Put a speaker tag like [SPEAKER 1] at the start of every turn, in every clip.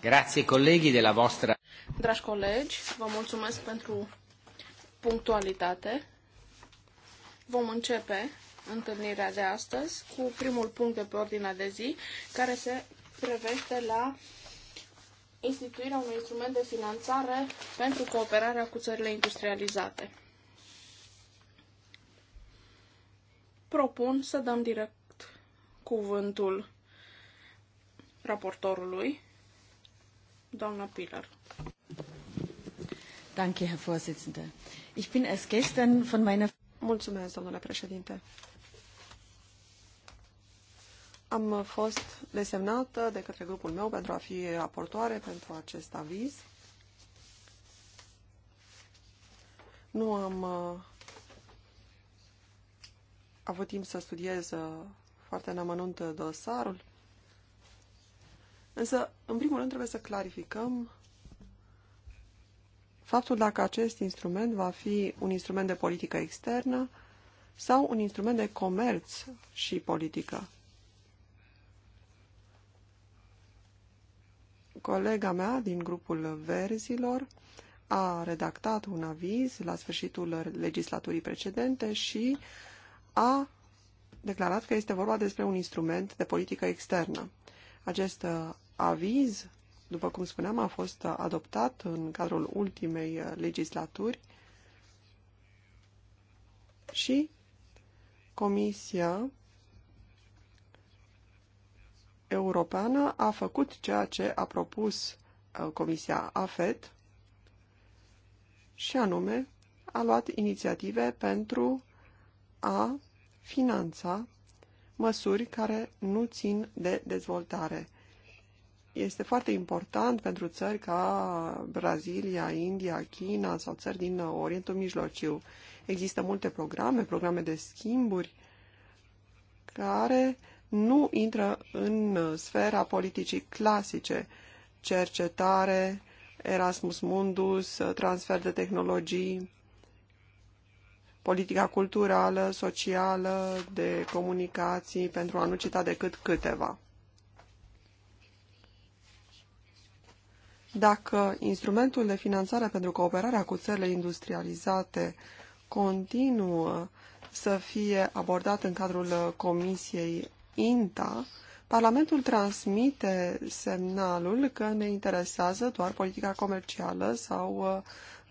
[SPEAKER 1] Grazie colegii de la vostra.
[SPEAKER 2] Dragi colegi, vă mulțumesc pentru punctualitate. Vom începe întâlnirea de astăzi cu primul punct de pe ordinea de zi, care se prevește la instituirea unui instrument de finanțare pentru cooperarea cu țările industrializate. Propun să dăm direct cuvântul raportorului, Doamna Pilar.
[SPEAKER 3] Danke, Herr Vorsitzender. Ich bin erst gestern von meiner... Mulțumesc, domnule președinte. Am fost desemnată de către grupul meu pentru a fi raportoare pentru acest aviz. Nu am uh, avut timp să studiez uh, foarte în amănunt dosarul, Însă, în primul rând, trebuie să clarificăm faptul dacă acest instrument va fi un instrument de politică externă sau un instrument de comerț și politică. Colega mea din grupul Verzilor a redactat un aviz la sfârșitul legislaturii precedente și a declarat că este vorba despre un instrument de politică externă. Acest uh, aviz, după cum spuneam, a fost uh, adoptat în cadrul ultimei uh, legislaturi și Comisia Europeană a făcut ceea ce a propus Comisia AFET și anume a luat inițiative pentru a finanța măsuri care nu țin de dezvoltare. Este foarte important pentru țări ca Brazilia, India, China sau țări din Orientul Mijlociu. Există multe programe, programe de schimburi, care nu intră în sfera politicii clasice, cercetare, Erasmus Mundus, transfer de tehnologii, politica culturală, socială, de comunicații, pentru a nu cita decât câteva. Dacă instrumentul de finanțare pentru cooperarea cu țările industrializate continuă să fie abordat în cadrul Comisiei INTA, Parlamentul transmite semnalul că ne interesează doar politica comercială sau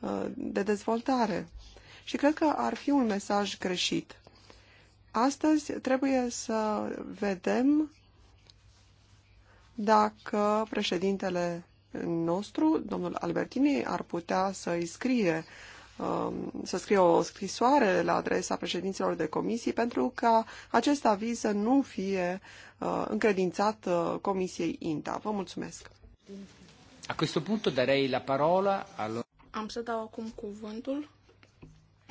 [SPEAKER 3] uh, de dezvoltare și cred că ar fi un mesaj greșit. Astăzi trebuie să vedem dacă președintele nostru, domnul Albertini, ar putea să îi scrie um, să scrie o scrisoare la adresa președinților de comisii pentru ca acest aviz să nu fie uh, încredințat uh, Comisiei INTA. Vă mulțumesc! A questo punto darei la parola
[SPEAKER 2] Am să dau acum cuvântul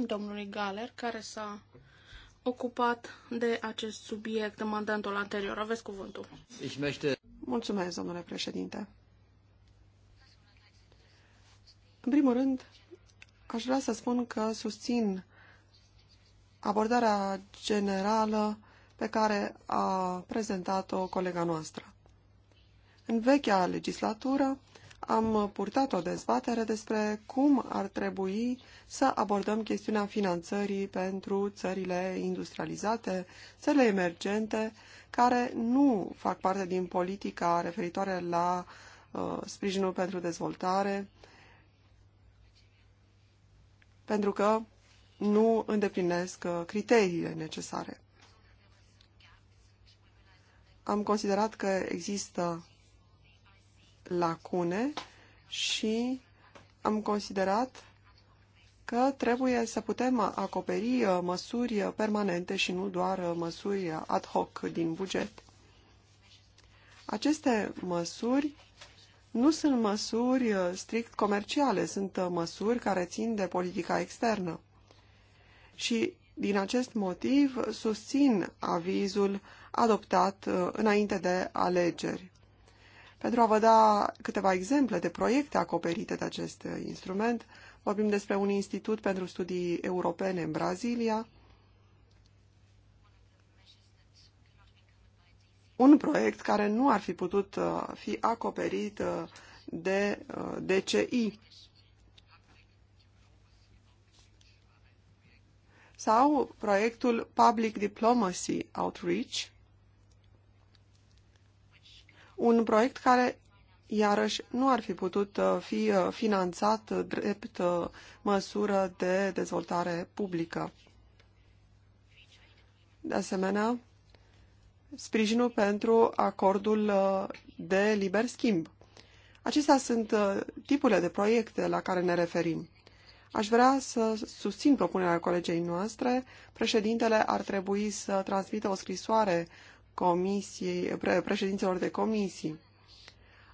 [SPEAKER 2] domnului Galer, care s-a ocupat de acest subiect în mandatul anterior. Aveți cuvântul.
[SPEAKER 3] Mulțumesc, domnule președinte. În primul rând, aș vrea să spun că susțin abordarea generală pe care a prezentat-o colega noastră. În vechea legislatură am purtat o dezbatere despre cum ar trebui să abordăm chestiunea finanțării pentru țările industrializate, țările emergente, care nu fac parte din politica referitoare la uh, sprijinul pentru dezvoltare, pentru că nu îndeplinesc uh, criteriile necesare. Am considerat că există lacune și am considerat că trebuie să putem acoperi uh, măsuri permanente și nu doar uh, măsuri ad hoc din buget. Aceste măsuri nu sunt măsuri uh, strict comerciale, sunt măsuri care țin de politica externă. Și din acest motiv susțin avizul adoptat înainte de alegeri. Pentru a vă da câteva exemple de proiecte acoperite de acest instrument, vorbim despre un institut pentru studii europene în Brazilia, un proiect care nu ar fi putut uh, fi acoperit uh, de uh, DCI. Sau proiectul Public Diplomacy Outreach, un proiect care iarăși nu ar fi putut uh, fi uh, finanțat drept uh, măsură de dezvoltare publică. De asemenea, sprijinul pentru acordul de liber schimb. Acestea sunt tipurile de proiecte la care ne referim. Aș vrea să susțin propunerea colegei noastre. Președintele ar trebui să transmită o scrisoare comisiei, președinților de comisii.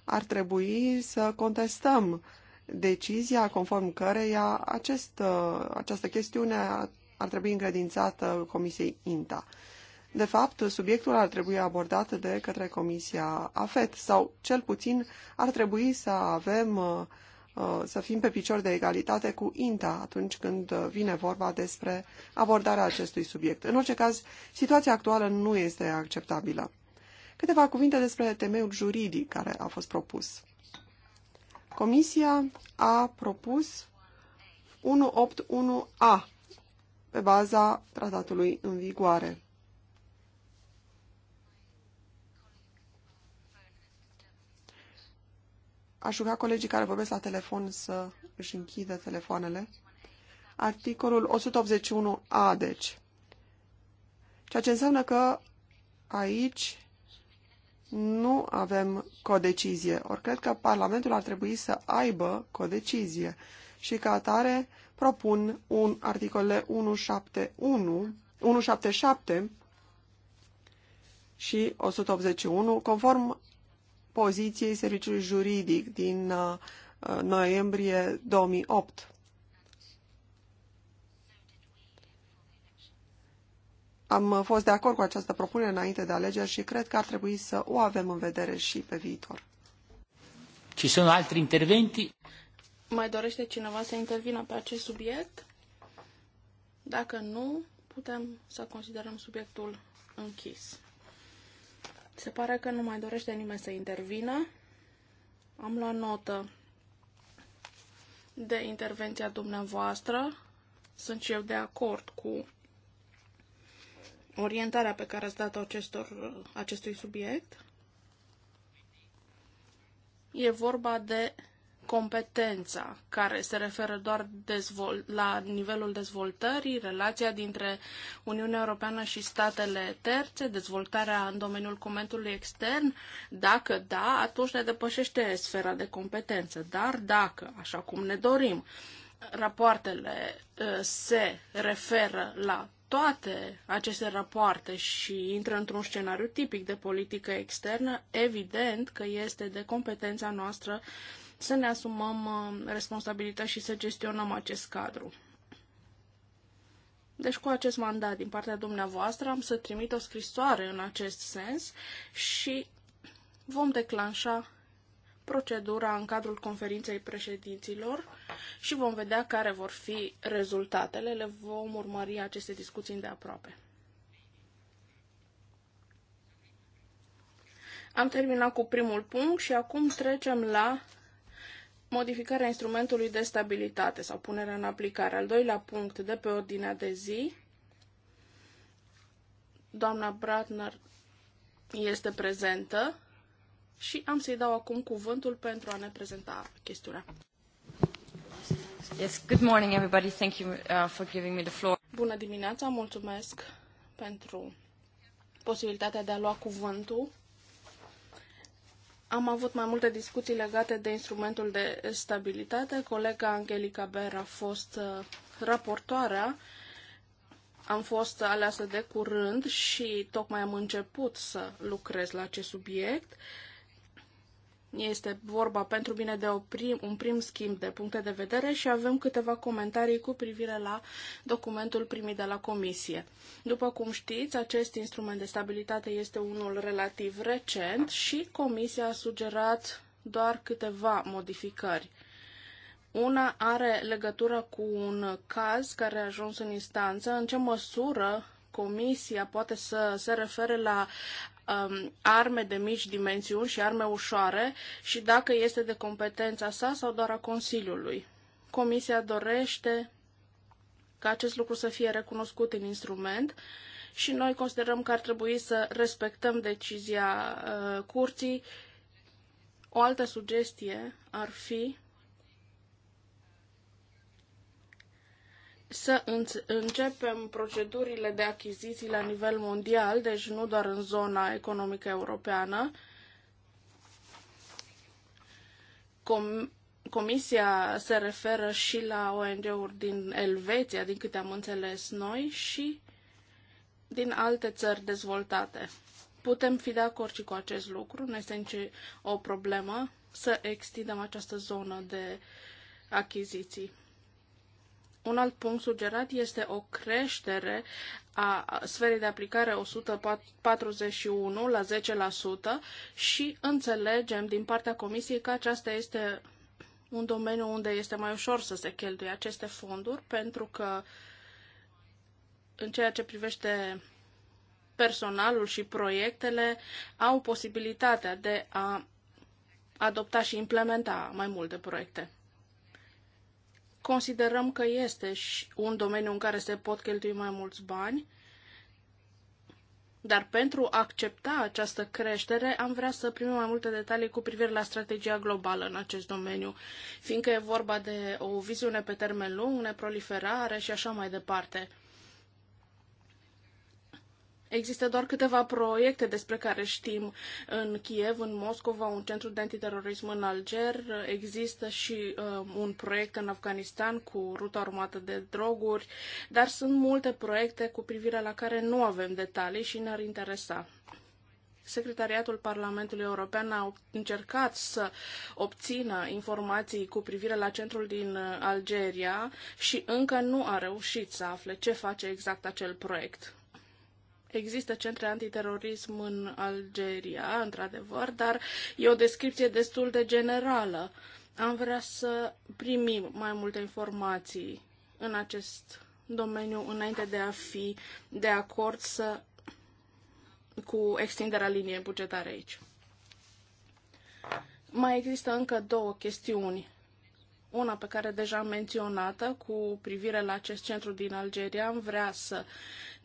[SPEAKER 3] Ar trebui să contestăm decizia conform căreia acest, această chestiune ar trebui încredințată Comisiei INTA. De fapt, subiectul ar trebui abordat de către Comisia AFET sau, cel puțin, ar trebui să avem Uh, să fim pe picior de egalitate cu INTA atunci când uh, vine vorba despre abordarea acestui subiect. În orice caz, situația actuală nu este acceptabilă. Câteva cuvinte despre temeiul juridic care a fost propus. Comisia a propus 181A pe baza tratatului în vigoare. Aș ruga colegii care vorbesc la telefon să își închidă telefoanele. Articolul 181a, deci. Ceea ce înseamnă că aici nu avem codecizie. Ori cred că Parlamentul ar trebui să aibă codecizie. Și ca atare propun un articol 171, 177 și 181, conform poziției serviciului juridic din uh, uh, noiembrie 2008. Am uh, fost de acord cu această propunere înainte de alegeri și cred că ar trebui să o avem în vedere și pe viitor.
[SPEAKER 1] Ci sunt alți interventi?
[SPEAKER 2] Mai dorește cineva să intervină pe acest subiect? Dacă nu, putem să considerăm subiectul închis. Se pare că nu mai dorește nimeni să intervină. Am la notă de intervenția dumneavoastră. Sunt și eu de acord cu orientarea pe care ați dat-o acestor, acestui subiect. E vorba de competența, care se referă doar dezvol- la nivelul dezvoltării, relația dintre Uniunea Europeană și statele terțe, dezvoltarea în domeniul comentului extern, dacă da, atunci ne depășește sfera de competență. Dar dacă, așa cum ne dorim, rapoartele uh, se referă la toate aceste rapoarte și intră într-un scenariu tipic de politică externă, evident că este de competența noastră uh, să ne asumăm uh, responsabilitatea și să gestionăm acest cadru. Deci cu acest mandat din partea dumneavoastră am să trimit o scrisoare în acest sens și vom declanșa procedura în cadrul conferinței președinților și vom vedea care vor fi rezultatele. Le vom urmări aceste discuții de aproape. Am terminat cu primul punct și acum trecem la modificarea instrumentului de stabilitate sau punerea în aplicare. Al doilea punct de pe ordinea de zi, doamna Bratner este prezentă și am să-i dau acum cuvântul pentru a ne prezenta chestiunea.
[SPEAKER 1] Yes, good morning everybody. Thank you uh, for giving me the floor.
[SPEAKER 2] Bună dimineața, mulțumesc pentru posibilitatea de a lua cuvântul am avut mai multe discuții legate de instrumentul de stabilitate. Colega Angelica Ber a fost uh, raportoarea. Am fost aleasă de curând și tocmai am început să lucrez la acest subiect. Uh, este vorba pentru bine de prim, un prim schimb de puncte de vedere și avem câteva comentarii cu privire la documentul primit de la Comisie. După cum știți, acest instrument de stabilitate este unul relativ recent și Comisia a sugerat doar câteva modificări. Una are legătură cu un caz care a ajuns în instanță, în ce măsură Comisia poate să se refere la um, arme de mici dimensiuni și arme ușoare și dacă este de competența sa sau doar a Consiliului. Comisia dorește ca acest lucru să fie recunoscut în instrument și noi considerăm că ar trebui să respectăm decizia uh, curții. O altă sugestie ar fi să începem procedurile de achiziții la nivel mondial, deci nu doar în zona economică europeană. Com- comisia se referă și la ONG-uri din Elveția, din câte am înțeles noi, și din alte țări dezvoltate. Putem fi de acord și cu acest lucru, nu este nici o problemă să extindem această zonă de achiziții. Un alt punct sugerat este o creștere a sferei de aplicare 141 la 10% și înțelegem din partea Comisiei că aceasta este un domeniu unde este mai ușor să se cheltuie aceste fonduri, pentru că în ceea ce privește personalul și proiectele au posibilitatea de a adopta și implementa mai multe proiecte. Considerăm că este și un domeniu în care se pot cheltui mai mulți bani, dar pentru a accepta această creștere am vrea să primim mai multe detalii cu privire la strategia globală în acest domeniu, fiindcă e vorba de o viziune pe termen lung, neproliferare și așa mai departe. Există doar câteva proiecte despre care știm în Kiev, în Moscova, un centru de antiterorism în Alger, există și uh, un proiect în Afganistan cu ruta urmată de droguri, dar sunt multe proiecte cu privire la care nu avem detalii și ne-ar interesa. Secretariatul Parlamentului European a încercat să obțină informații cu privire la centrul din uh, Algeria și încă nu a reușit să afle ce face exact acel proiect. Există centre antiterorism în Algeria, într-adevăr, dar e o descripție destul de generală. Am vrea să primim mai multe informații în acest domeniu înainte de a fi de acord să cu extinderea liniei bugetare aici. Mai există încă două chestiuni. Una pe care deja am menționată cu privire la acest centru din Algeria. Am vrea să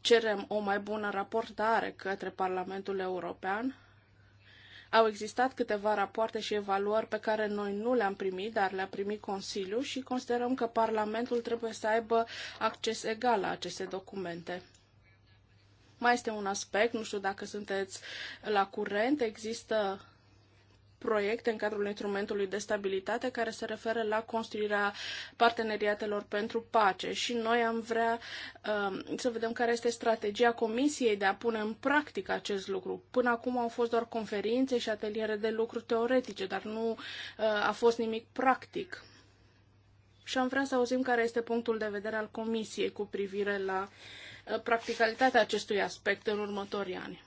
[SPEAKER 2] cerem o mai bună raportare către Parlamentul European. Au existat câteva rapoarte și evaluări pe care noi nu le-am primit, dar le-a primit Consiliul și considerăm că Parlamentul trebuie să aibă acces egal la aceste documente. Mai este un aspect, nu știu dacă sunteți la curent, există proiecte în cadrul instrumentului de stabilitate care se referă la construirea parteneriatelor pentru pace și noi am vrea um, să vedem care este strategia Comisiei de a pune în practică acest lucru. Până acum au fost doar conferințe și ateliere de lucru teoretice, dar nu uh, a fost nimic practic. Și am vrea să auzim care este punctul de vedere al Comisiei cu privire la uh, practicalitatea acestui aspect în următorii ani.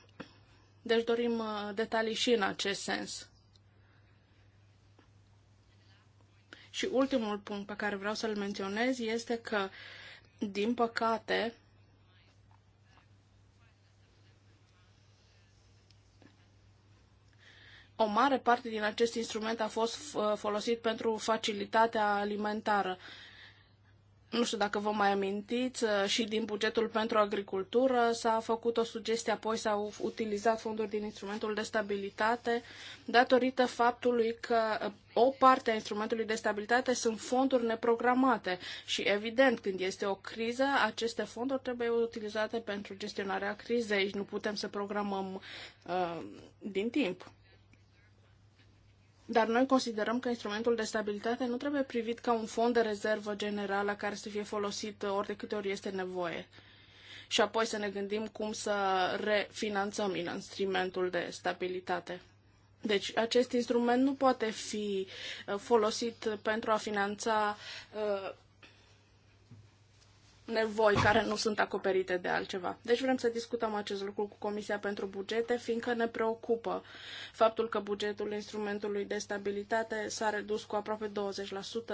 [SPEAKER 2] Deci dorim uh, detalii și în acest sens. Și ultimul punct pe care vreau să-l menționez este că, din păcate, o mare parte din acest instrument a fost uh, folosit pentru facilitatea alimentară nu știu dacă vă mai amintiți, uh, și din bugetul pentru agricultură s-a făcut o sugestie, apoi s-au utilizat fonduri din instrumentul de stabilitate, datorită faptului că uh, o parte a instrumentului de stabilitate sunt fonduri neprogramate și, evident, când este o criză, aceste fonduri trebuie utilizate pentru gestionarea crizei și nu putem să programăm uh, din timp. Dar noi considerăm că instrumentul de stabilitate nu trebuie privit ca un fond de rezervă generală care să fie folosit ori de câte ori este nevoie. Și apoi să ne gândim cum să refinanțăm instrumentul de stabilitate. Deci acest instrument nu poate fi uh, folosit pentru a finanța uh, nevoi care nu sunt acoperite de altceva. Deci vrem să discutăm acest lucru cu Comisia pentru Bugete, fiindcă ne preocupă faptul că bugetul instrumentului de stabilitate s-a redus cu aproape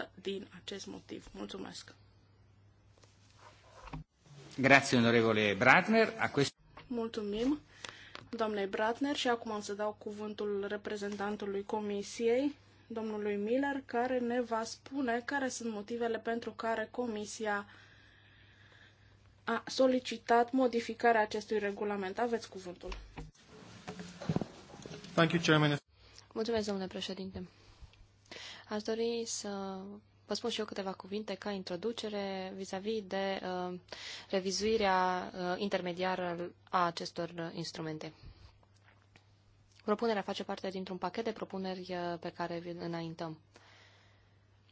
[SPEAKER 2] 20% din acest motiv. Mulțumesc! Grazie, onorevole Bratner. A quest... Mulțumim, doamnei Bratner, și acum am să dau cuvântul reprezentantului Comisiei, domnului Miller, care ne va spune care sunt motivele pentru care Comisia a solicitat modificarea acestui regulament. Aveți cuvântul.
[SPEAKER 3] Thank you, Chairman.
[SPEAKER 2] Mulțumesc,
[SPEAKER 1] domnule președinte. Aș dori să vă spun și eu câteva cuvinte ca introducere vis-a-vis -vis de uh, revizuirea uh, intermediară a acestor uh, instrumente. Propunerea face parte dintr-un pachet de propuneri uh, pe care îl înaintăm. Uh,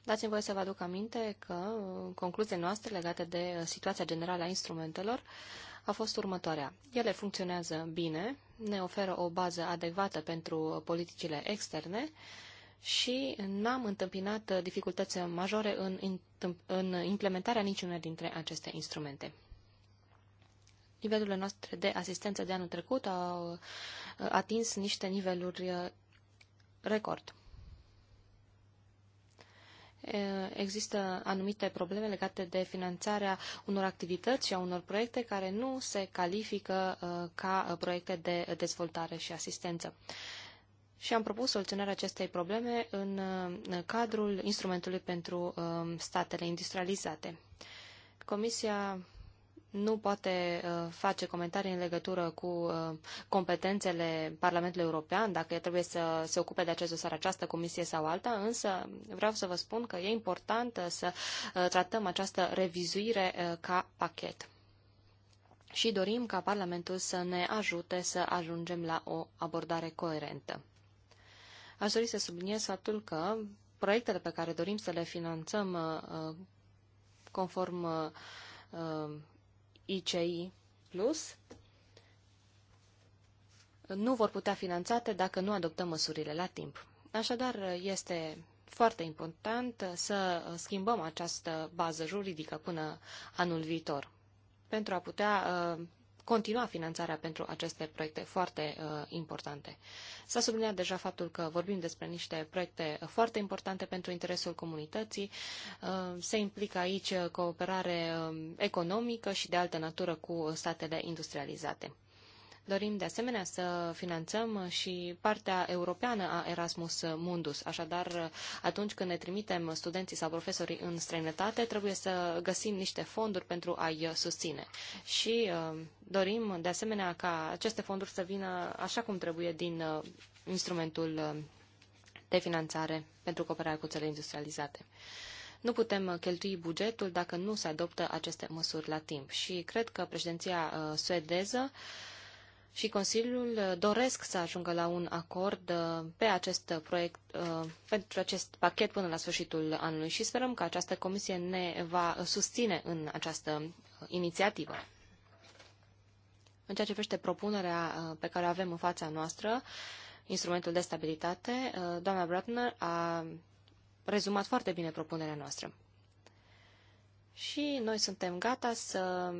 [SPEAKER 1] Dați-mi voie să vă aduc aminte că uh, concluziile noastre legate de uh, situația generală a instrumentelor a fost următoarea. Ele funcționează bine, ne oferă o bază adecvată pentru uh, politicile externe și n-am întâmpinat dificultăți majore în, în implementarea niciunei dintre aceste instrumente. Nivelurile noastre de asistență de anul trecut au atins niște niveluri record există anumite probleme legate de finanțarea unor activități și a unor proiecte care nu se califică ca proiecte de dezvoltare și asistență și am propus soluționarea acestei probleme în cadrul instrumentului pentru statele industrializate. Comisia nu poate uh, face comentarii în legătură cu uh, competențele Parlamentului European, dacă trebuie să se ocupe de acest dosar această comisie sau alta, însă vreau să vă spun că e important uh, să tratăm această revizuire ca pachet. Și dorim ca Parlamentul să ne ajute să ajungem la o abordare coerentă. Aș dori să subliniez faptul că proiectele pe care dorim să le finanțăm conform ICI Plus nu vor putea finanțate dacă nu adoptăm măsurile la timp. Așadar, este foarte important să schimbăm această bază juridică până anul viitor pentru a putea uh, continua finanțarea pentru aceste proiecte foarte uh, importante. S-a subliniat deja faptul că vorbim despre niște proiecte foarte importante pentru interesul comunității. Uh, se implică aici cooperare um, economică și de altă natură cu statele industrializate. Dorim de asemenea să finanțăm și partea europeană a Erasmus Mundus. Așadar, atunci când ne trimitem studenții sau profesorii în străinătate, trebuie să găsim niște fonduri pentru a-i susține. Și uh, dorim de asemenea ca aceste fonduri să vină așa cum trebuie din uh, instrumentul uh, de finanțare pentru cooperarea cu țările industrializate. Nu putem cheltui bugetul dacă nu se adoptă aceste măsuri la timp și cred că președinția suedeză uh, și Consiliul uh, doresc să ajungă la un acord uh, pe acest proiect, uh, pentru acest pachet până la sfârșitul anului și sperăm că această comisie ne va susține în această inițiativă. În ceea ce privește propunerea pe care o avem în fața noastră, instrumentul de stabilitate, doamna Bratner a rezumat foarte bine propunerea noastră. Și noi suntem gata să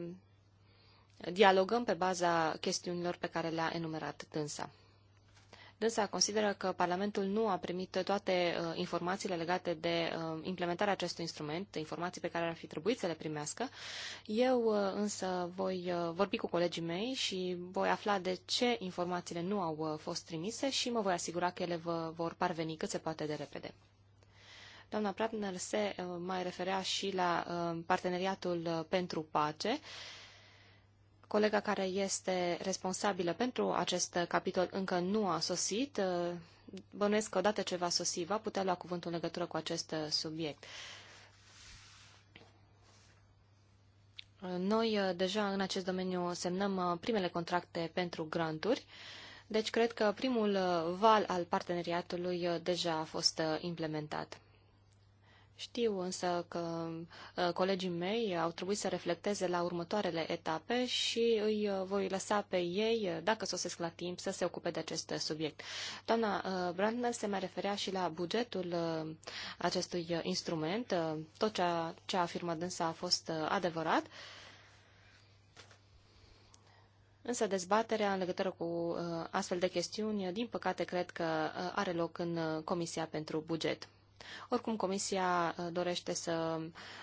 [SPEAKER 1] dialogăm pe baza chestiunilor pe care le-a enumerat dânsa. Dânsa consideră că Parlamentul nu a primit toate uh, informațiile legate de uh, implementarea acestui instrument, informații pe care ar fi trebuit să le primească. Eu uh, însă voi uh, vorbi cu colegii mei și voi afla de ce informațiile nu au uh, fost trimise și mă voi asigura că ele vă vor parveni cât se poate de repede. Doamna Pratner se uh, mai referea și la uh, parteneriatul uh, pentru pace. Uh, Colega care este responsabilă pentru acest capitol încă nu a sosit. Bănuiesc că odată ce va sosi, va putea lua cuvântul în legătură cu acest subiect. Noi uh, deja în acest domeniu semnăm uh, primele contracte pentru granturi, deci cred că primul uh, val al parteneriatului deja a fost implementat. Știu însă că ă, colegii mei au trebuit să reflecteze la următoarele etape și îi ă, voi lăsa pe ei, ă, dacă sosesc la timp, să se ocupe de acest subiect. Doamna Brandner se mai referea și la bugetul acestui instrument. Tot a, ce a afirmat însă a fost adevărat. Însă dezbaterea în legătură cu astfel de chestiuni, din păcate, cred că are loc în Comisia pentru Buget. Oricum, Comisia uh, dorește să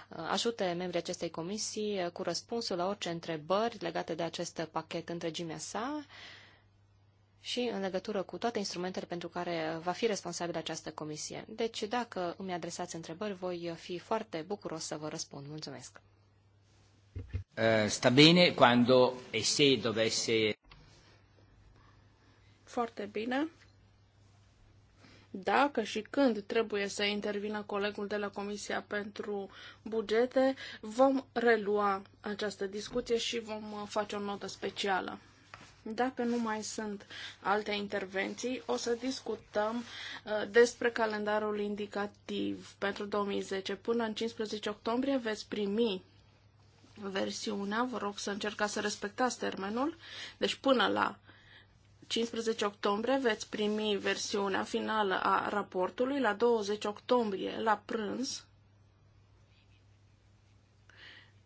[SPEAKER 1] uh, ajute membrii acestei comisii uh, cu răspunsul la orice întrebări legate de acest pachet întregimea sa și în legătură cu toate instrumentele pentru care va fi responsabilă această comisie. Deci, dacă îmi adresați întrebări, voi fi foarte bucuros să vă răspund. Mulțumesc! Eh, sta bine quando e se dovesse...
[SPEAKER 2] Foarte bine dacă și când trebuie să intervină colegul de la Comisia pentru Bugete, vom relua această discuție și vom uh, face o notă specială. Dacă nu mai sunt alte intervenții, o să discutăm uh, despre calendarul indicativ pentru 2010. Până în 15 octombrie veți primi versiunea, vă rog să încercați să respectați termenul, deci până la 15 octombrie veți primi versiunea finală a raportului, la 20 octombrie, la prânz,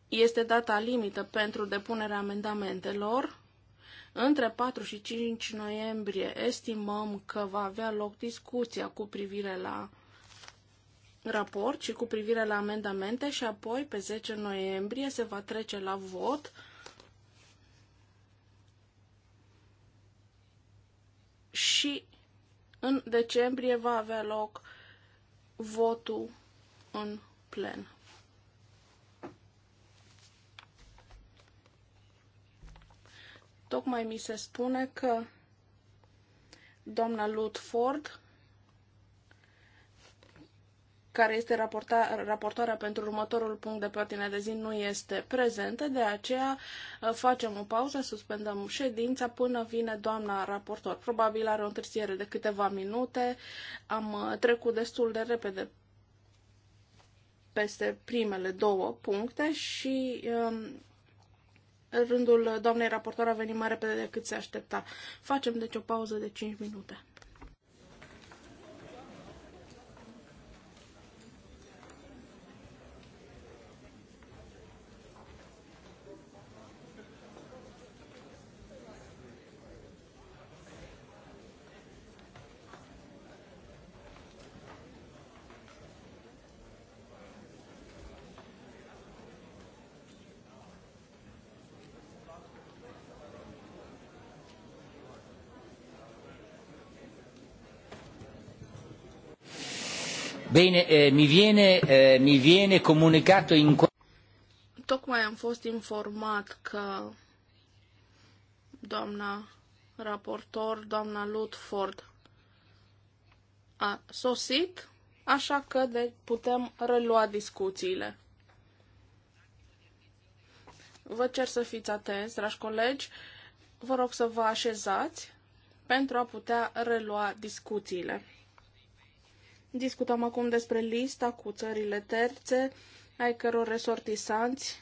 [SPEAKER 2] este data limită pentru depunerea amendamentelor. Între 4 și 5 noiembrie estimăm că va avea loc discuția cu privire la raport și cu privire la amendamente și apoi pe 10 noiembrie se va trece la vot și în decembrie va avea loc votul în plen. Tocmai mi se spune că doamna Lutford Ford care este raporta, raportoarea pentru următorul punct de pe ordine de zi, nu este prezentă, de aceea uh, facem o pauză, suspendăm ședința până vine doamna raportor. Probabil are o întârziere de câteva minute, am uh, trecut destul de repede peste primele două puncte și um, rândul doamnei raportor a venit mai repede decât se aștepta. Facem deci o pauză de 5 minute.
[SPEAKER 1] Bine, eh, mi viene, eh, mi viene comunicato in...
[SPEAKER 2] Tocmai am fost informat că doamna raportor, doamna Lutford, a sosit, așa că de putem relua discuțiile. Vă cer să fiți atenți, dragi colegi. Vă rog să vă așezați pentru a putea relua discuțiile. Discutăm acum despre lista cu țările terțe ai căror resortisanți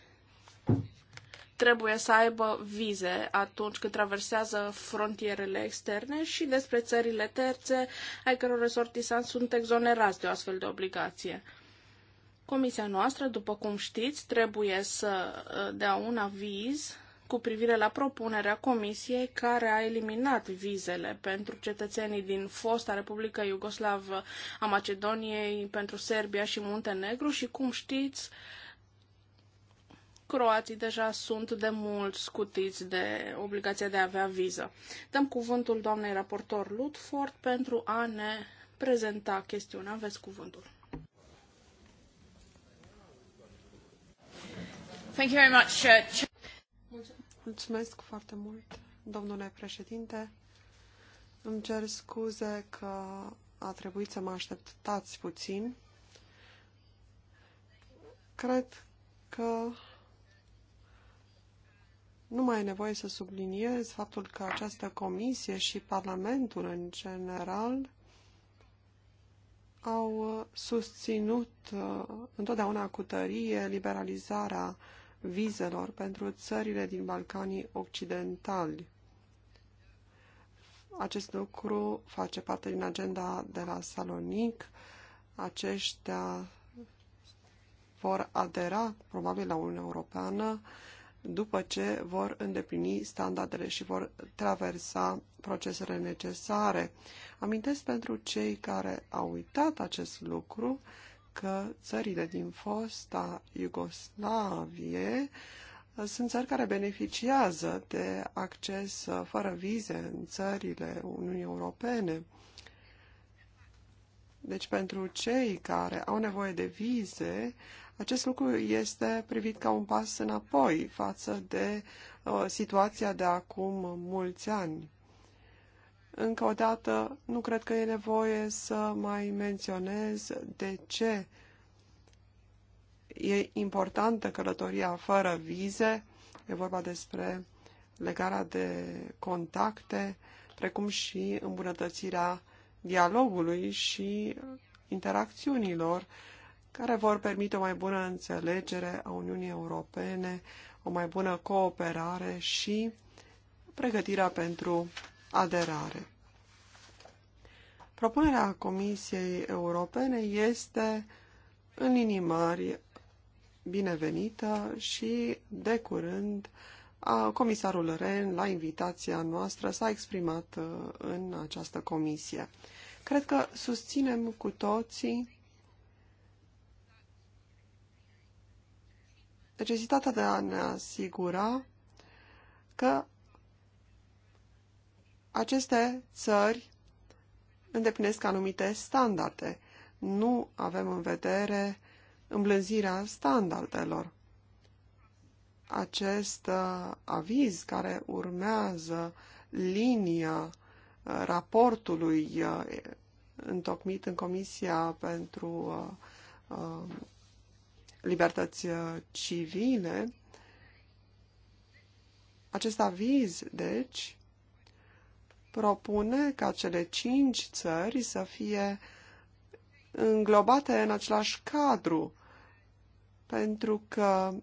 [SPEAKER 2] trebuie să aibă vize atunci când traversează frontierele externe și despre țările terțe ai căror resortisanți sunt exonerați de o astfel de obligație. Comisia noastră, după cum știți, trebuie să uh, dea un aviz cu privire la propunerea Comisiei care a eliminat vizele pentru cetățenii din fosta Republică Iugoslavă a Macedoniei, pentru Serbia și Muntenegru și, cum știți, croații deja sunt de mult scutiți de obligația de a avea viză. Dăm cuvântul doamnei raportor Lutford pentru a ne prezenta chestiunea. Aveți cuvântul.
[SPEAKER 3] Thank you very much. Uh, Mulțumesc foarte mult, domnule președinte. Îmi cer scuze că a trebuit să mă așteptați puțin. Cred că nu mai e nevoie să subliniez faptul că această comisie și Parlamentul în general au susținut uh, întotdeauna cu tărie liberalizarea vizelor pentru țările din Balcanii Occidentali. Acest lucru face parte din agenda de la Salonic. Aceștia vor adera, probabil, la Uniunea Europeană după ce vor îndeplini standardele și vor traversa procesele necesare. Amintesc pentru cei care au uitat acest lucru că țările din fosta Iugoslavie uh, sunt țări care beneficiază de acces uh, fără vize în țările Uniunii Europene. Deci pentru cei care au nevoie de vize, acest lucru este privit ca un pas înapoi față de uh, situația de acum mulți ani. Încă o dată, nu cred că e nevoie să mai menționez de ce e importantă călătoria fără vize. E vorba despre legarea de contacte, precum și îmbunătățirea dialogului și interacțiunilor care vor permite o mai bună înțelegere a Uniunii Europene, o mai bună cooperare și pregătirea pentru aderare. Propunerea Comisiei Europene este în linii mari binevenită și de curând comisarul Ren, la invitația noastră, s-a exprimat uh, în această comisie. Cred că susținem cu toții necesitatea de a ne asigura că aceste țări îndeplinesc anumite standarde. Nu avem în vedere îmblânzirea standardelor. Acest uh, aviz care urmează linia uh, raportului uh, întocmit în Comisia pentru Libertăți Civile, acest aviz, deci, propune ca cele cinci țări să fie înglobate în același cadru, pentru că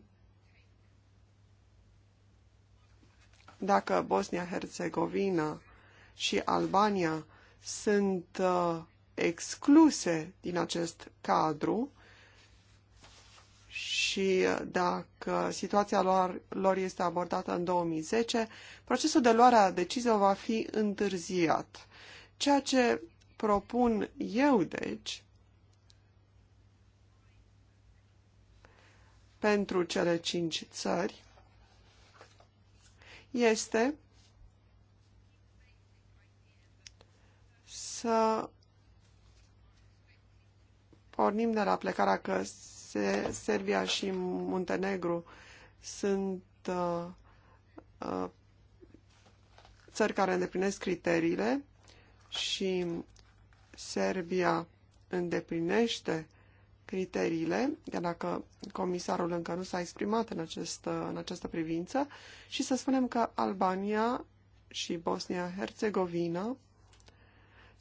[SPEAKER 3] dacă Bosnia-Herzegovina și Albania sunt uh, excluse din acest cadru, și dacă situația lor, lor este abordată în 2010, procesul de luare a deciziilor va fi întârziat. Ceea ce propun eu, deci, pentru cele cinci țări, este să pornim de la plecarea că Serbia și Muntenegru sunt uh, uh, țări care îndeplinesc criteriile și Serbia îndeplinește criteriile, chiar dacă comisarul încă nu s-a exprimat în, acest, uh, în această privință, și să spunem că Albania și Bosnia-Herzegovina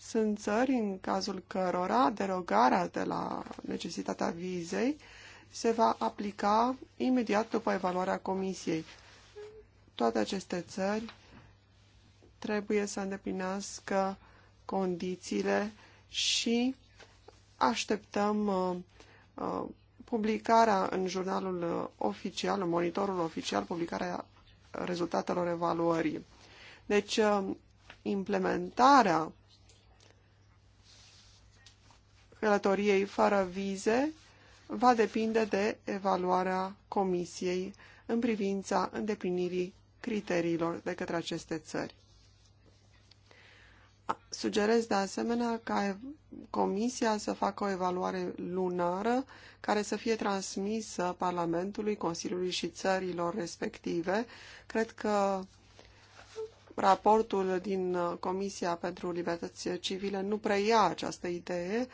[SPEAKER 3] sunt țări în cazul cărora derogarea de la necesitatea vizei se va aplica imediat după evaluarea comisiei. Toate aceste țări trebuie să îndeplinească condițiile și așteptăm uh, uh publicarea în jurnalul uh, oficial, în monitorul oficial, publicarea rezultatelor evaluării. Deci, uh, implementarea călătoriei fără vize va depinde de evaluarea Comisiei în privința îndeplinirii criteriilor de către aceste țări. Sugerez de asemenea ca Comisia să facă o evaluare lunară care să fie transmisă Parlamentului, Consiliului și țărilor respective. Cred că raportul din Comisia pentru Libertăți Civile nu preia această idee,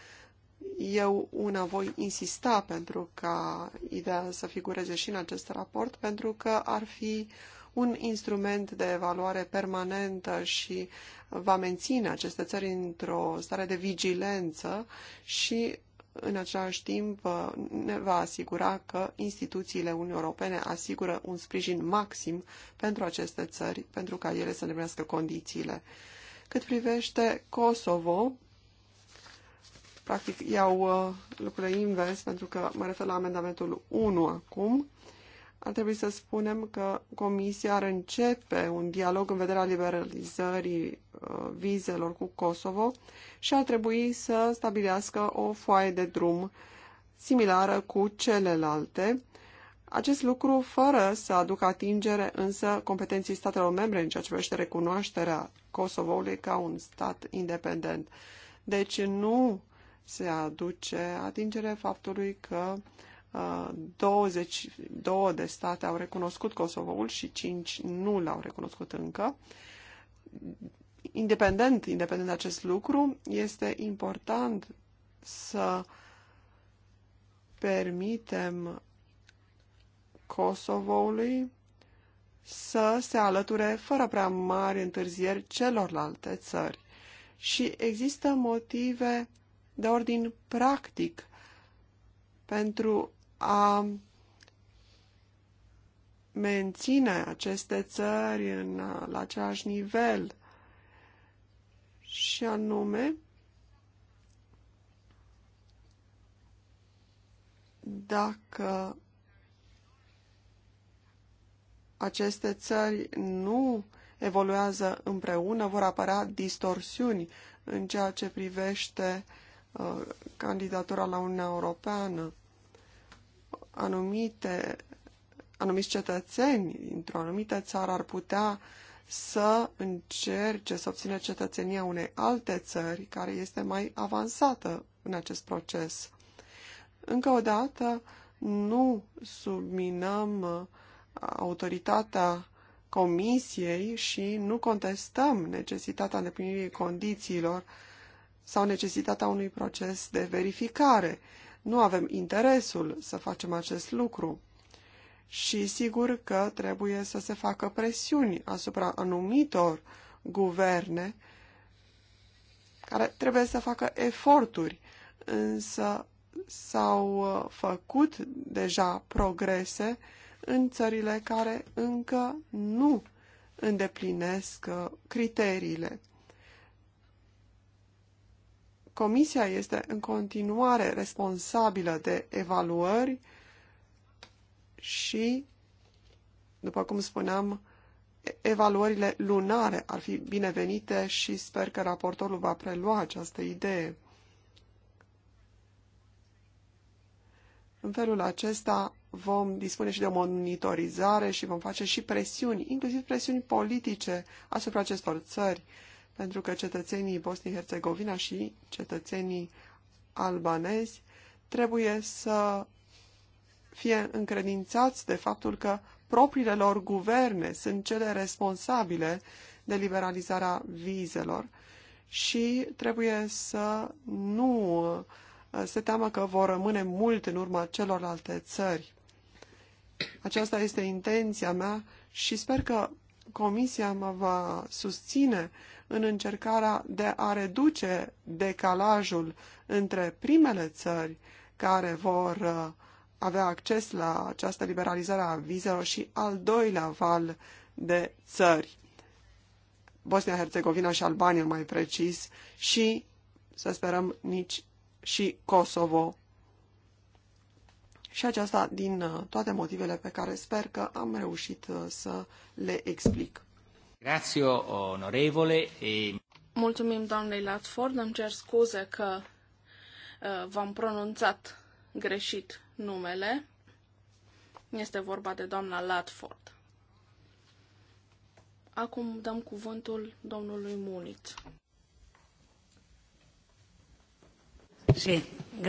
[SPEAKER 3] eu una voi insista pentru ca ideea să figureze și în acest raport, pentru că ar fi un instrument de evaluare permanentă și va menține aceste țări într-o stare de vigilență și în același timp ne va asigura că instituțiile Uniunii Europene asigură un sprijin maxim pentru aceste țări, pentru ca ele să îndeplinească condițiile. Cât privește Kosovo, Practic iau uh, lucrurile invers, pentru că mă refer la amendamentul 1 acum. Ar trebui să spunem că Comisia ar începe un dialog în vederea liberalizării uh, vizelor cu Kosovo și ar trebui să stabilească o foaie de drum similară cu celelalte, acest lucru fără să aducă atingere însă competenții statelor membre în ceea ce privește recunoașterea Kosovoului ca un stat independent. Deci nu se aduce atingere faptului că 22 de state au recunoscut Kosovoul și 5 nu l-au recunoscut încă. Independent, independent de acest lucru, este important să permitem Kosovoului să se alăture fără prea mari întârzieri celorlalte țări. Și există motive de ordin practic pentru a menține aceste țări în, la același nivel și anume dacă aceste țări nu evoluează împreună, vor apărea distorsiuni în ceea ce privește uh, Uh, candidatura la Uniunea Europeană, anumite, anumiți cetățeni dintr-o anumită țară ar putea să încerce să obțină cetățenia unei alte țări care este mai avansată în acest proces. Încă o dată, nu subminăm uh, autoritatea Comisiei și nu contestăm necesitatea îndeplinirii condițiilor sau necesitatea unui proces de verificare. Nu avem interesul să facem acest lucru. Și sigur că trebuie să se facă presiuni asupra anumitor guverne care trebuie să facă eforturi, însă s-au uh, făcut deja progrese în țările care încă nu îndeplinesc uh, criteriile. Comisia este în continuare responsabilă de evaluări și, după cum spuneam, evaluările lunare ar fi binevenite și sper că raportorul va prelua această idee. În felul acesta vom dispune și de o monitorizare și vom face și presiuni, inclusiv presiuni politice asupra acestor țări, pentru că cetățenii Bosnii-Herzegovina și cetățenii albanezi trebuie să fie încredințați de faptul că propriile lor guverne sunt cele responsabile de liberalizarea vizelor și trebuie să nu uh, se teamă că vor rămâne mult în urma celorlalte țări. Aceasta este intenția mea și sper că Comisia mă va susține în încercarea de a reduce decalajul între primele țări care vor uh, avea acces la această liberalizare a vizelor și al doilea val de țări, Bosnia-Herzegovina și Albania mai precis, și, să sperăm, nici și Kosovo și aceasta din uh, toate motivele pe care sper că am reușit uh, să le explic. Grazie,
[SPEAKER 1] onorevole.
[SPEAKER 2] Mulțumim doamnei Latford, îmi cer scuze că uh, v-am pronunțat greșit numele. Este vorba de doamna Latford. Acum dăm cuvântul domnului Muniț. Sí,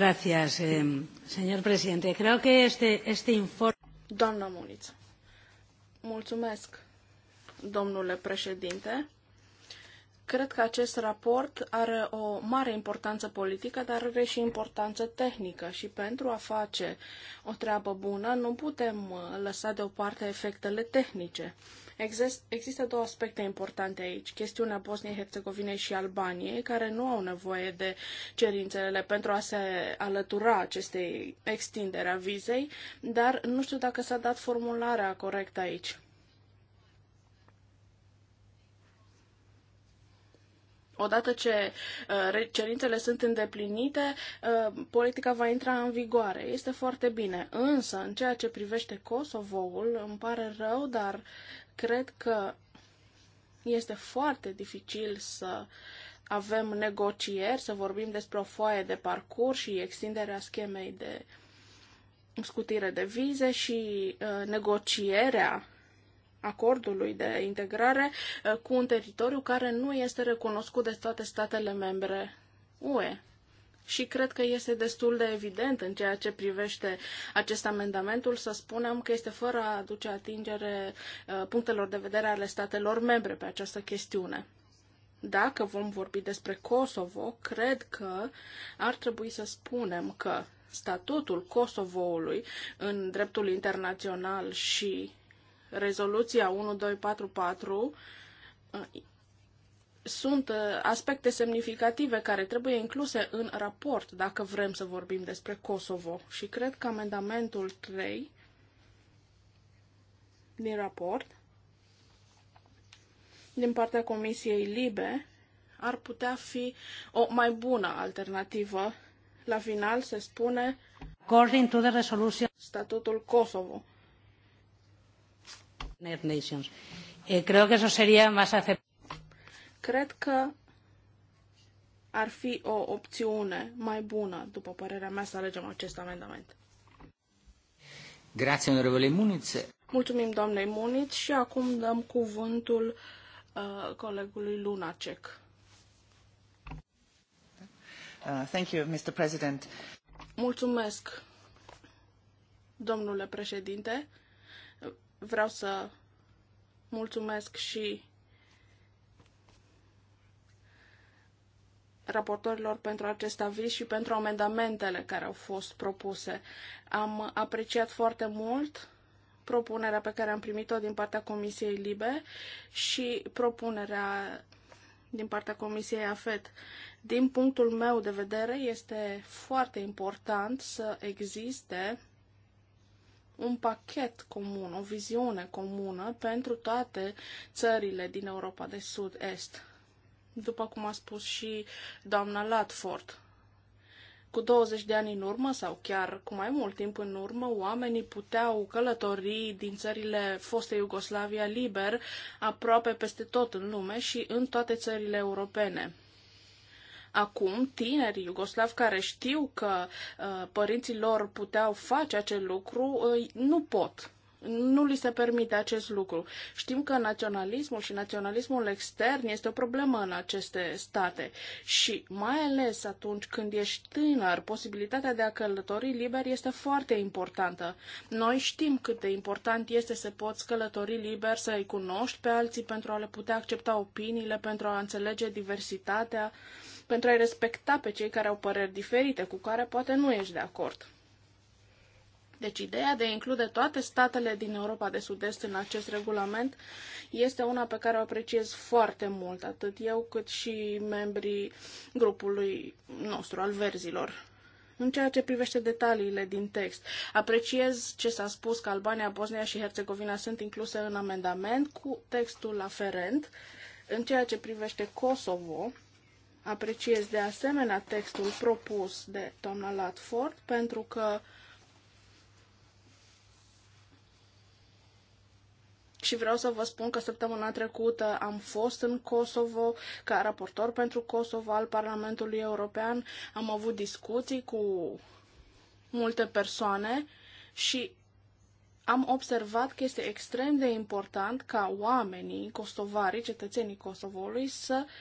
[SPEAKER 2] gracias, eh, señor presidente. Creo que este, este informe... Doamna Muniță, mulțumesc, domnule președinte. Cred că acest raport are o mare importanță politică, dar are și importanță tehnică și pentru a face o treabă bună nu putem uh, lăsa deoparte efectele tehnice. Există două aspecte importante aici. Chestiunea Bosniei, Herțegovinei și Albaniei, care nu au nevoie de cerințele pentru a se alătura acestei extindere a vizei, dar nu știu dacă s-a dat formularea corectă aici. Odată ce uh, cerințele sunt îndeplinite, uh, politica va intra în vigoare. Este foarte bine. Însă, în ceea ce privește Kosovo-ul, îmi pare rău, dar cred că este foarte dificil să avem negocieri, să vorbim despre o foaie de parcurs și extinderea schemei de scutire de vize și uh, negocierea acordului de integrare uh, cu un teritoriu care nu este recunoscut de toate statele membre UE. Și cred că este destul de evident în ceea ce privește acest amendamentul să spunem că este fără a aduce atingere uh, punctelor de vedere ale statelor membre pe această chestiune dacă vom vorbi despre Kosovo, cred că ar trebui să spunem că statutul Kosovoului în dreptul internațional și rezoluția 1244 uh, sunt uh, aspecte semnificative care trebuie incluse în raport dacă vrem să vorbim despre Kosovo. Și cred că amendamentul 3 din raport din partea Comisiei Libe ar putea fi o mai bună alternativă. La final se spune According to the resolution. statutul Kosovo. Eh, Cred că ar fi o opțiune mai bună, după părerea mea, să alegem acest amendament.
[SPEAKER 1] Grazie, onorevole Muniț.
[SPEAKER 2] Mulțumim, doamnei Muniț, și acum dăm cuvântul uh, colegului Lunacek.
[SPEAKER 3] Uh, thank you, Mr. President.
[SPEAKER 2] Mulțumesc, domnule președinte. Vreau să mulțumesc și raportorilor pentru acest aviz și pentru amendamentele care au fost propuse. Am apreciat foarte mult propunerea pe care am primit-o din partea Comisiei Libe și propunerea din partea Comisiei AFET. Din punctul meu de vedere, este foarte important să existe un pachet comun, o viziune comună pentru toate țările din Europa de Sud-Est. După cum a spus și doamna Latford, cu 20 de ani în urmă sau chiar cu mai mult timp în urmă, oamenii puteau călători din țările foste Iugoslavia liber aproape peste tot în lume și în toate țările europene. Acum, tineri iugoslavi care știu că uh, părinții lor puteau face acel lucru, uh, nu pot nu li se permite acest lucru. Știm că naționalismul și naționalismul extern este o problemă în aceste state și mai ales atunci când ești tânăr, posibilitatea de a călători liber este foarte importantă. Noi știm cât de important este să poți călători liber, să îi cunoști pe alții pentru a le putea accepta opiniile, pentru a înțelege diversitatea. Uh, pentru a-i respecta pe cei care au păreri diferite, cu care poate nu ești de acord. Deci ideea de a include toate statele din Europa de Sud-Est în acest regulament este una pe care o apreciez foarte mult, atât eu cât și membrii grupului nostru, al verzilor. În ceea ce privește detaliile din text, apreciez ce s-a spus că Albania, Bosnia și Herțegovina sunt incluse în amendament cu textul aferent. În ceea ce privește Kosovo, Apreciez de asemenea textul propus de doamna Latford pentru că Și vreau să vă spun că săptămâna trecută am fost în Kosovo ca raportor pentru Kosovo al Parlamentului European. Am avut discuții cu multe persoane și am observat că este extrem de important ca oamenii kosovari, cetățenii Kosovoului, să uh,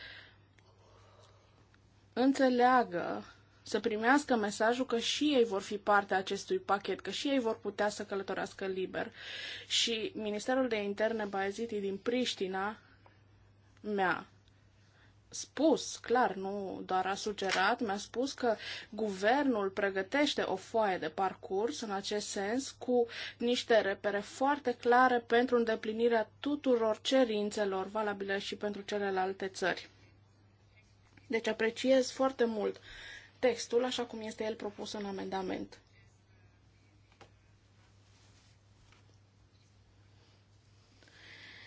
[SPEAKER 2] înțeleagă, să primească mesajul că și ei vor fi parte a acestui pachet, că și ei vor putea să călătorească liber. Și Ministerul de Interne Baezitii din Priștina mi-a spus, clar, nu doar a sugerat, mi-a spus că guvernul pregătește o foaie de parcurs în acest sens cu niște repere foarte clare pentru îndeplinirea tuturor cerințelor valabile și pentru celelalte țări. Deci apreciez foarte mult textul așa cum este el propus în amendament.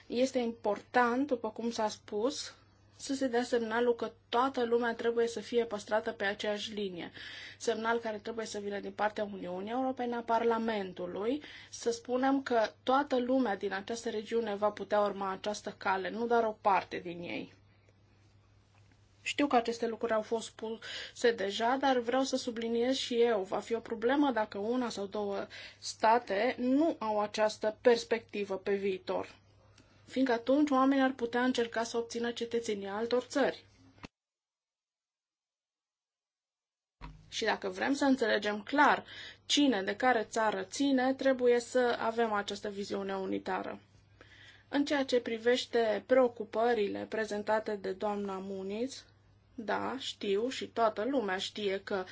[SPEAKER 2] Este important, după cum s-a spus, să se dea semnalul că toată lumea trebuie să fie păstrată pe aceeași linie. Semnal care trebuie să vină din partea Uniunii Europene a Parlamentului, să spunem că toată lumea din această regiune va putea urma această cale, nu doar o parte din ei. Știu că aceste lucruri au fost spuse deja, dar vreau să subliniez și eu. Va fi o problemă dacă una sau două state nu au această perspectivă pe viitor. Fiindcă atunci oamenii ar putea încerca să obțină cetățenia altor țări. Și dacă vrem să înțelegem clar cine de care țară ține, trebuie să avem această viziune unitară. În ceea ce privește preocupările prezentate de doamna Muniz, da, știu și toată lumea știe că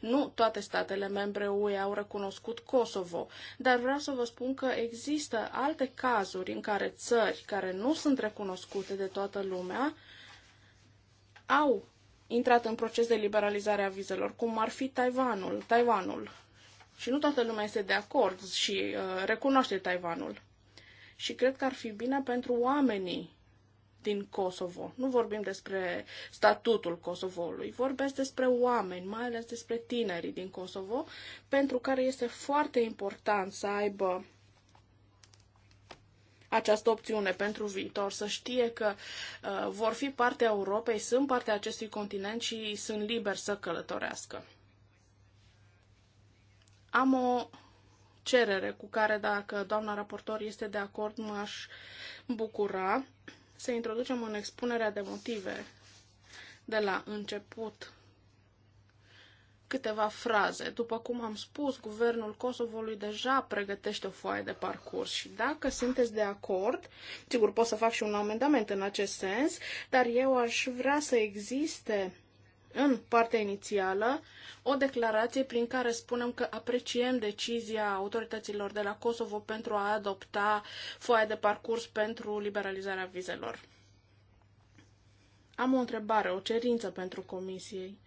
[SPEAKER 2] nu toate statele membre UE au recunoscut Kosovo, dar vreau să vă spun că există alte cazuri în care țări care nu sunt recunoscute de toată lumea au intrat în proces de liberalizare a vizelor, cum ar fi Taiwanul. Taiwanul. Și nu toată lumea este de acord și uh, recunoaște Taiwanul. Și cred că ar fi bine pentru oamenii din Kosovo. Nu vorbim despre statutul Kosovoului, vorbesc despre oameni, mai ales despre tinerii din Kosovo, pentru care este foarte important să aibă această opțiune pentru viitor, să știe că uh, vor fi partea Europei, sunt partea acestui continent și sunt liberi să călătorească. Am o cerere cu care, dacă doamna raportor este de acord, m-aș bucura să introducem în expunerea de motive de la început câteva fraze. După cum am spus, guvernul lui deja pregătește o foaie de parcurs și dacă sunteți de acord, sigur pot să fac și un amendament în acest sens, dar eu aș vrea să existe în partea inițială o declarație prin care spunem că apreciem decizia autorităților de la Kosovo pentru a adopta foaia de parcurs pentru liberalizarea vizelor. Am o întrebare, o cerință pentru comisiei.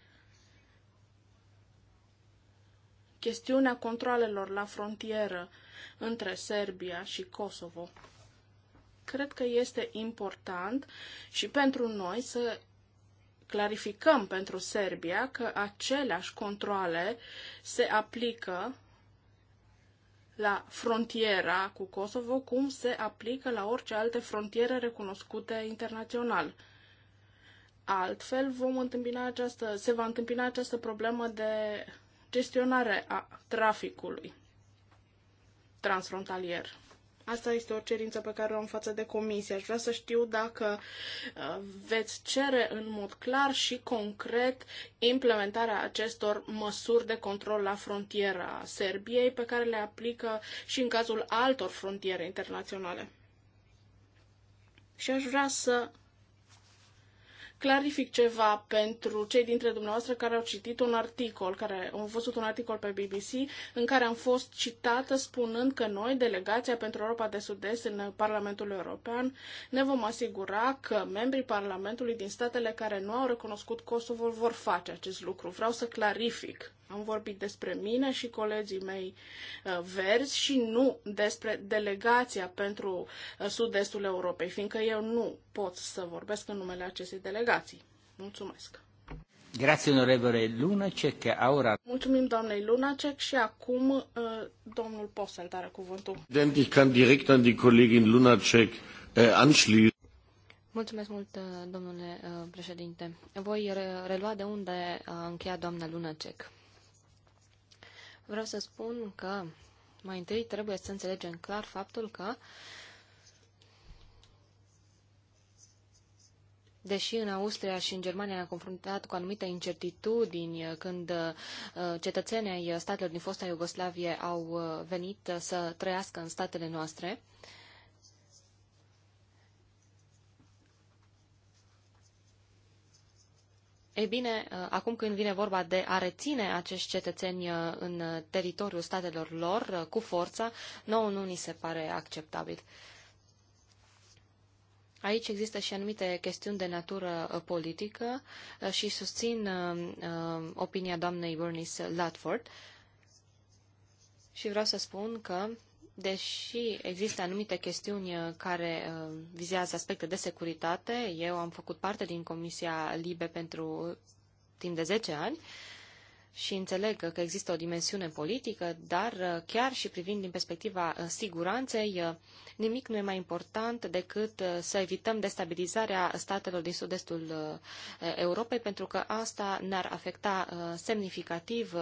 [SPEAKER 2] Chestiunea controlelor la frontieră între Serbia și Kosovo cred că este important și pentru noi să clarificăm pentru Serbia că aceleași controle se aplică la frontiera cu Kosovo cum se aplică la orice alte frontiere recunoscute internațional. Altfel vom întâmpina această, se va întâmpina această problemă de gestionare a traficului transfrontalier. Asta este o cerință pe care o am față de comisie. Aș vrea să știu dacă uh, veți cere în mod clar și concret implementarea acestor măsuri de control la frontiera Serbiei, pe care le aplică și în cazul altor frontiere internaționale. Și aș vrea să clarific ceva pentru cei dintre dumneavoastră care au citit un articol, care au văzut un articol pe BBC în care am fost citată spunând că noi, delegația pentru Europa de Sud-Est în Parlamentul European, ne vom asigura că membrii Parlamentului din statele care nu au recunoscut Kosovo vor face acest lucru. Vreau să clarific am vorbit despre mine și colegii mei uh, verzi și nu despre delegația pentru uh, sud-estul Europei, fiindcă eu nu pot să vorbesc în numele acestei delegații. Mulțumesc!
[SPEAKER 1] Grazie, onorevole Lunacek. Aura.
[SPEAKER 2] Mulțumim, doamnei Lunacek, și acum uh, domnul Posel are cuvântul.
[SPEAKER 3] Ich kann direkt an die Kollegin Lunacek äh, anschließen.
[SPEAKER 2] Mulțumesc mult, domnule
[SPEAKER 1] președinte. Voi relua de unde a încheiat doamna Lunacek. Vreau să spun că mai întâi trebuie să înțelegem clar faptul că Deși în Austria și în Germania ne-am confruntat cu anumite incertitudini uh, când uh, cetățenii statelor din fosta Iugoslavie au uh, venit să trăiască în statele noastre, Ei bine, uh, acum când vine vorba de a reține acești cetățeni uh, în uh, teritoriul statelor lor cu forța, nouă nu ni se pare acceptabil. Aici există și anumite chestiuni de natură politică și susțin opinia doamnei Bernice Latford și vreau să spun că deși există anumite chestiuni uh, care uh, vizează aspecte de securitate, eu am făcut parte din Comisia Libe pentru uh, timp de 10 ani și înțeleg că există o dimensiune politică, dar chiar și privind din perspectiva siguranței, nimic nu e mai important decât să evităm destabilizarea statelor din sud-estul Europei, pentru că asta ne-ar afecta semnificativ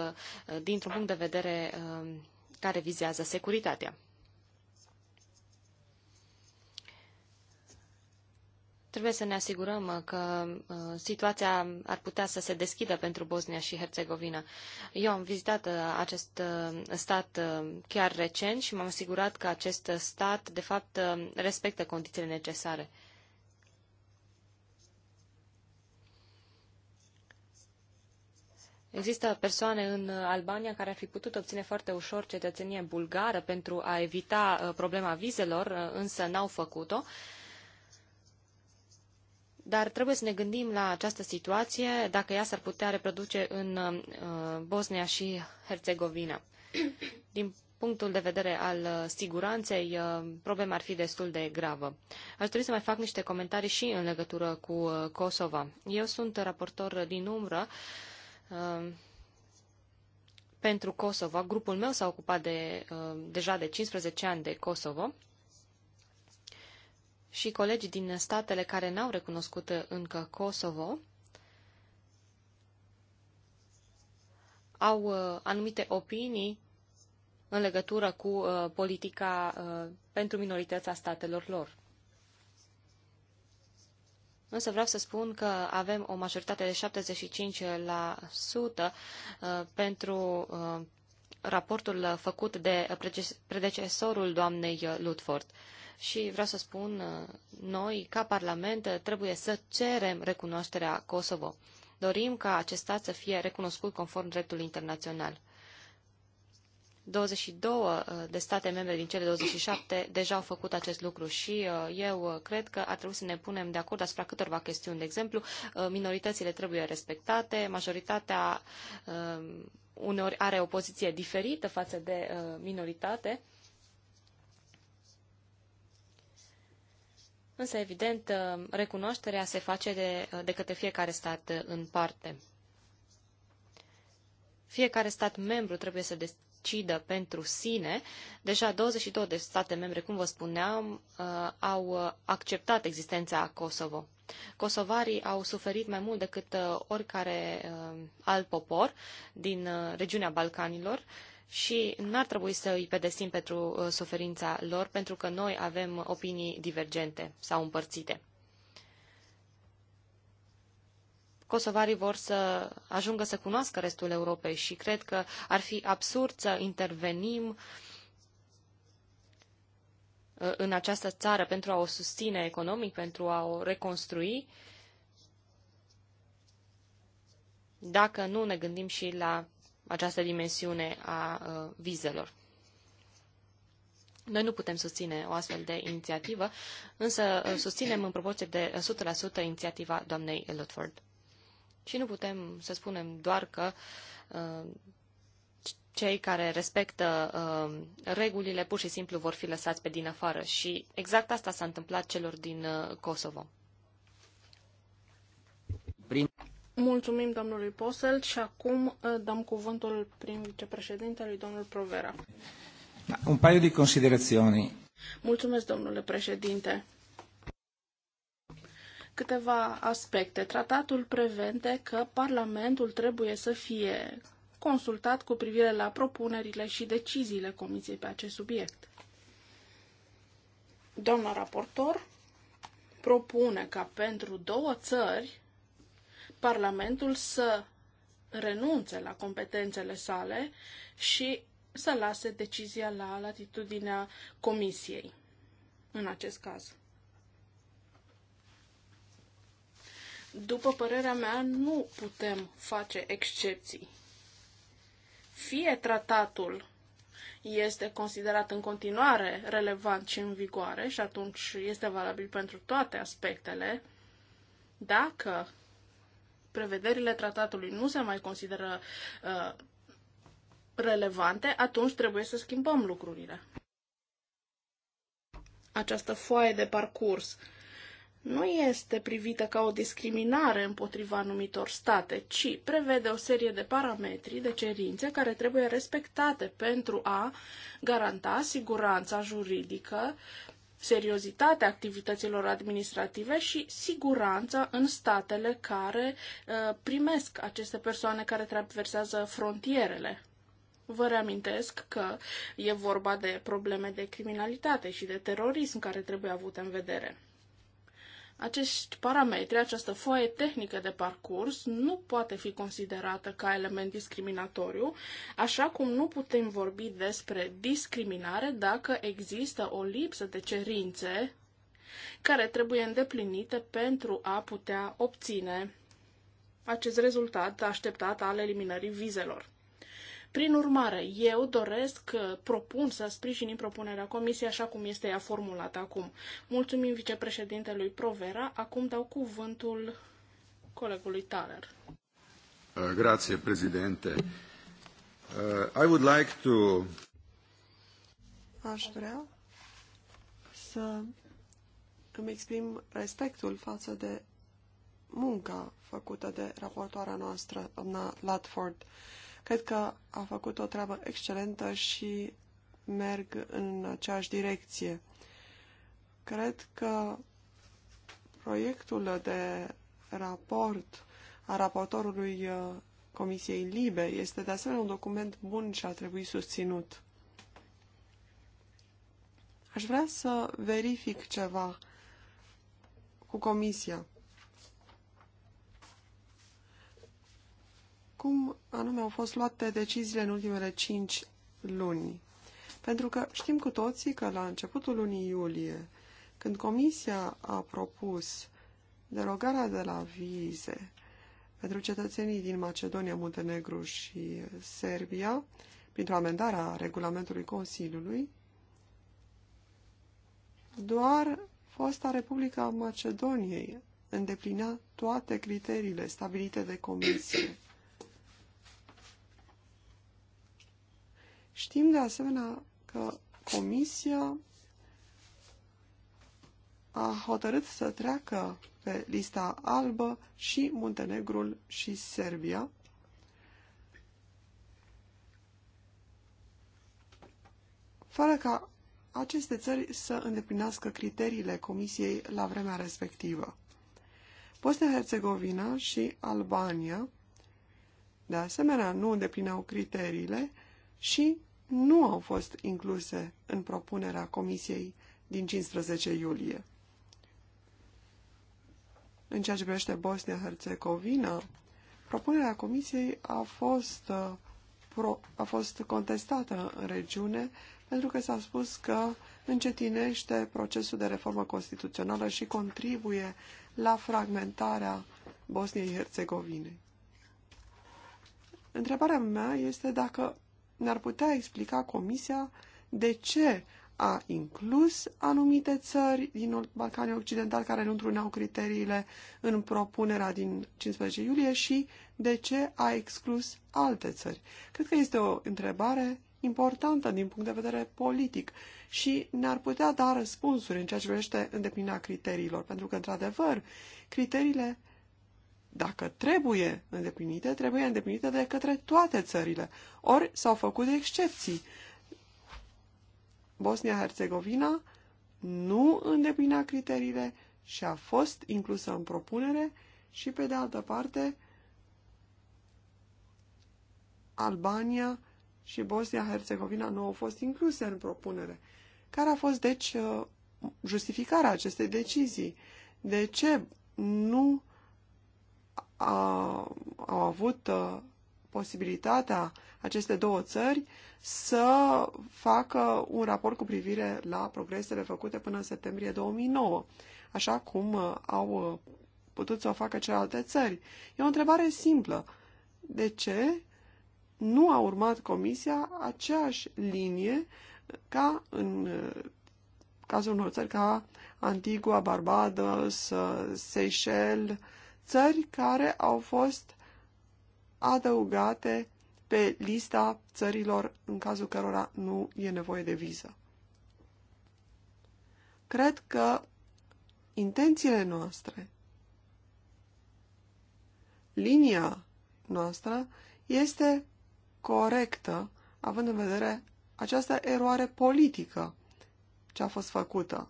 [SPEAKER 1] dintr-un punct de vedere care vizează securitatea. Trebuie să ne asigurăm uh, că uh, situația ar putea să se deschidă pentru Bosnia și Herțegovina. Eu am vizitat uh, acest stat chiar recent și m-am asigurat că acest stat, de fapt, respectă condițiile necesare. Există persoane în Albania care ar fi putut obține foarte ușor cetățenie bulgară pentru a evita problema vizelor, însă n-au făcut-o. Uh, dar trebuie să ne gândim la această situație, dacă ea s-ar putea reproduce în uh, Bosnia și Herțegovina. Din punctul de vedere al uh, siguranței, uh, problema ar fi destul de gravă. Aș dori să mai fac niște comentarii și în legătură cu Kosova. Eu sunt raportor din umbră pentru Kosovo. Grupul meu s-a ocupat de, deja de 15 ani de Kosovo și colegi din statele care n-au recunoscut încă Kosovo au uh, anumite opinii în legătură cu uh, politica uh, pentru minoritatea statelor lor. Însă vreau să spun că avem o majoritate de 75% pentru raportul făcut de predecesorul doamnei Lutford și vreau să spun, uh, noi, ca Parlament, uh, trebuie să cerem recunoașterea Kosovo. Dorim ca acest stat să fie recunoscut conform dreptului internațional. 22 uh, de state membre din cele 27 deja au făcut acest lucru și eu cred că ar trebui să ne punem de acord asupra câtorva chestiuni. De exemplu, minoritățile trebuie respectate, majoritatea uneori are o poziție diferită față de minoritate însă, evident, uh, recunoașterea se face de, uh, de către fiecare stat uh, în parte. Fiecare stat membru trebuie să decidă pentru sine. Deja 22 de state membre, cum vă spuneam, au acceptat existența Kosovo. Kosovarii au suferit mai mult decât oricare alt popor din regiunea Balcanilor și n-ar trebui să îi pedepsim pentru uh, suferința lor, pentru că noi avem opinii divergente sau împărțite. kosovarii vor să ajungă să cunoască restul Europei și cred că ar fi absurd să intervenim uh, în această țară pentru a o susține economic, pentru a o reconstrui, dacă nu ne gândim și la această dimensiune a uh, vizelor. Noi nu putem susține o astfel de inițiativă, însă uh, susținem în proporție de 100% uh, inițiativa doamnei Lutford. Și nu putem să spunem doar că cei care respectă uh, regulile pur și simplu vor fi lăsați pe din afară și exact asta s-a întâmplat celor din uh, Kosovo. Prin...
[SPEAKER 2] Mulțumim domnului Posel și acum uh, dăm cuvântul prim vicepreședintelui domnul Provera.
[SPEAKER 1] Da, un paio de considerații.
[SPEAKER 2] Mulțumesc, domnule președinte. Câteva aspecte. Tratatul prevede că Parlamentul trebuie să fie consultat cu privire la propunerile și deciziile Comisiei pe acest subiect. Doamna raportor propune ca pentru două țări Parlamentul să renunțe la competențele sale și să lase decizia la latitudinea Comisiei în acest caz. După părerea mea, nu putem face excepții. Fie tratatul este considerat în continuare relevant și în vigoare și atunci este valabil pentru toate aspectele, dacă prevederile tratatului nu se mai consideră uh, relevante, atunci trebuie să schimbăm lucrurile. Această foaie de parcurs nu este privită ca o discriminare împotriva anumitor state, ci prevede o serie de parametri, de cerințe care trebuie respectate pentru a garanta siguranța juridică seriozitatea activităților administrative și siguranța în statele care uh, primesc aceste persoane care traversează frontierele. Vă reamintesc că e vorba de probleme de criminalitate și de terorism care trebuie avute în vedere. Acești parametri, această foaie tehnică de parcurs, nu poate fi considerată ca element discriminatoriu, așa cum nu putem vorbi despre discriminare dacă există o lipsă de cerințe care trebuie îndeplinite pentru a putea obține acest rezultat așteptat al eliminării vizelor. Prin urmare, eu doresc, uh, propun să sprijinim propunerea comisiei așa cum este ea formulată acum. Mulțumim vicepreședintelui Provera. Acum dau cuvântul colegului Taler. Uh, Grazie, președinte. Uh, I would like to...
[SPEAKER 3] Aș vrea să îmi exprim respectul față de munca făcută de raportoarea noastră, doamna Latford. Uh, Cred că a făcut o treabă excelentă și merg în aceeași direcție. Cred că proiectul de raport a raportorului uh, Comisiei Libe este de asemenea un document bun și a trebuit susținut. Aș vrea să verific ceva cu Comisia. cum anume au fost luate deciziile în ultimele cinci luni. Pentru că știm cu toții că la începutul lunii iulie, când Comisia a propus derogarea de la vize pentru cetățenii din Macedonia, Muntenegru și Serbia, printr-o amendare a regulamentului Consiliului, doar fosta Republica Macedoniei îndeplinea toate criteriile stabilite de Comisie. Știm de asemenea că Comisia a hotărât să treacă pe lista albă și Muntenegrul și Serbia. fără ca aceste țări să îndeplinească criteriile Comisiei la vremea respectivă. Bosnia-Herzegovina și Albania, de asemenea, nu îndeplineau criteriile și nu au fost incluse în propunerea Comisiei din 15 iulie. În ceea ce privește Bosnia-Herzegovina, propunerea Comisiei a fost, uh, a fost contestată în regiune pentru că s-a spus că încetinește procesul de reformă constituțională și contribuie la fragmentarea Bosniei-Herzegovinei. Întrebarea mea este dacă ne-ar putea explica Comisia de ce a inclus anumite țări din Balcanii Occidental care nu întruneau criteriile în propunerea din 15 iulie și de ce a exclus alte țări. Cred că este o întrebare importantă din punct de vedere politic și ne-ar putea da răspunsuri în ceea ce privește îndeplinirea criteriilor, pentru că, într-adevăr, criteriile dacă trebuie îndeplinite, trebuie îndeplinite de către toate țările. Ori s-au făcut excepții. Bosnia-Herzegovina nu îndeplinea criteriile și a fost inclusă în propunere și, pe de altă parte, Albania și Bosnia-Herzegovina nu au fost incluse în propunere. Care a fost, deci, uh, justificarea acestei decizii? De ce nu a, au avut a, uh, posibilitatea aceste două țări să facă un raport cu privire la progresele făcute până în septembrie 2009, așa cum uh, au uh, putut să o facă celelalte țări. E o întrebare simplă. De ce nu a urmat Comisia aceeași linie ca în cazul unor țări ca Antigua, Barbados, Seychelles, țări care au fost adăugate pe lista țărilor în cazul cărora nu e nevoie de viză. Cred că intențiile noastre, linia noastră, este corectă, având în vedere această eroare politică ce a fost făcută.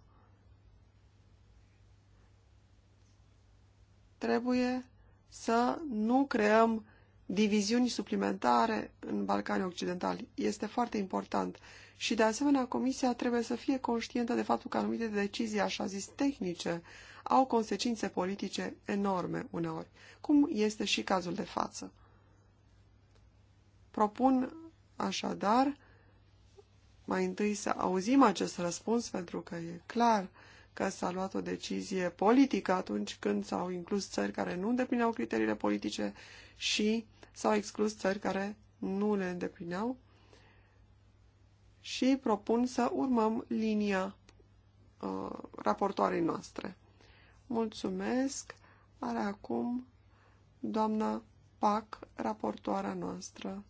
[SPEAKER 3] trebuie să nu creăm diviziuni suplimentare în Balcanii Occidentali. Este foarte important. Și, de asemenea, Comisia trebuie să fie conștientă de faptul că anumite decizii, așa zis, tehnice, au consecințe politice enorme uneori, cum este și cazul de față. Propun, așadar, mai întâi să auzim acest răspuns, pentru că e clar că s-a luat o decizie politică atunci când s-au inclus țări care nu îndeplineau criteriile politice și s-au exclus țări care nu le îndeplineau și propun să urmăm linia uh, raportoarei noastre. Mulțumesc! Are acum doamna PAC, raportoarea noastră.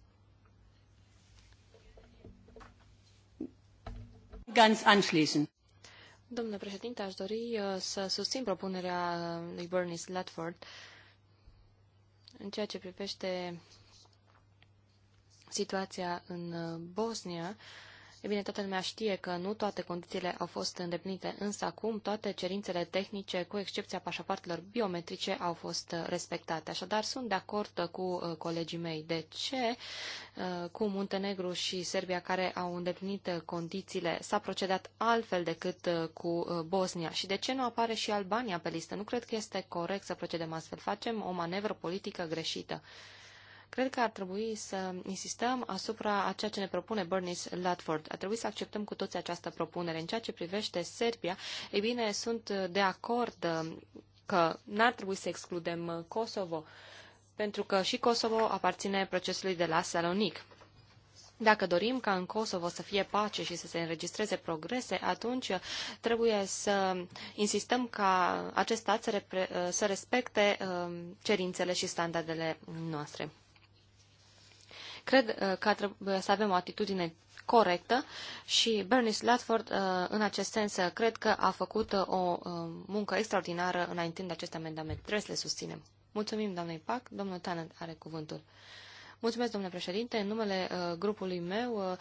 [SPEAKER 3] Ganz anschließend.
[SPEAKER 1] Domnule președinte, aș dori uh, să susțin propunerea lui Bernice Latford în ceea ce privește situația în uh, Bosnia. E bine, toată lumea știe că nu toate condițiile au fost îndeplinite, însă acum toate cerințele tehnice, cu excepția pașapartelor biometrice, au fost uh, respectate. Așadar, sunt de acord uh, cu uh, colegii mei. De ce cu Muntenegru și Serbia, care au îndeplinit condițiile, s-a procedat altfel decât cu Bosnia? Și de ce nu apare și Albania pe listă? Nu cred că este corect să procedem astfel. Facem o manevră politică greșită. Cred că ar trebui să insistăm asupra a ceea ce ne propune Bernice Latford. Ar trebui să acceptăm cu toți această propunere. În ceea ce privește Serbia, ei bine, sunt de acord uh, că n-ar trebui să excludem uh, Kosovo, pentru că și Kosovo aparține procesului de la Salonic. Dacă dorim ca în Kosovo să fie pace și să se înregistreze progrese, atunci uh, trebuie să insistăm ca acest stat să, să respecte cerințele și standardele noastre. Cred uh, că trebuie uh, să avem o atitudine corectă și Bernie Latford, uh, în acest sens, cred că a făcut o muncă extraordinară de acest amendament. Trebuie să le susținem. Mulțumim, doamnei Pac. Domnul Tanen are cuvântul. Mulțumesc, domnule președinte. În numele uh, grupului meu uh,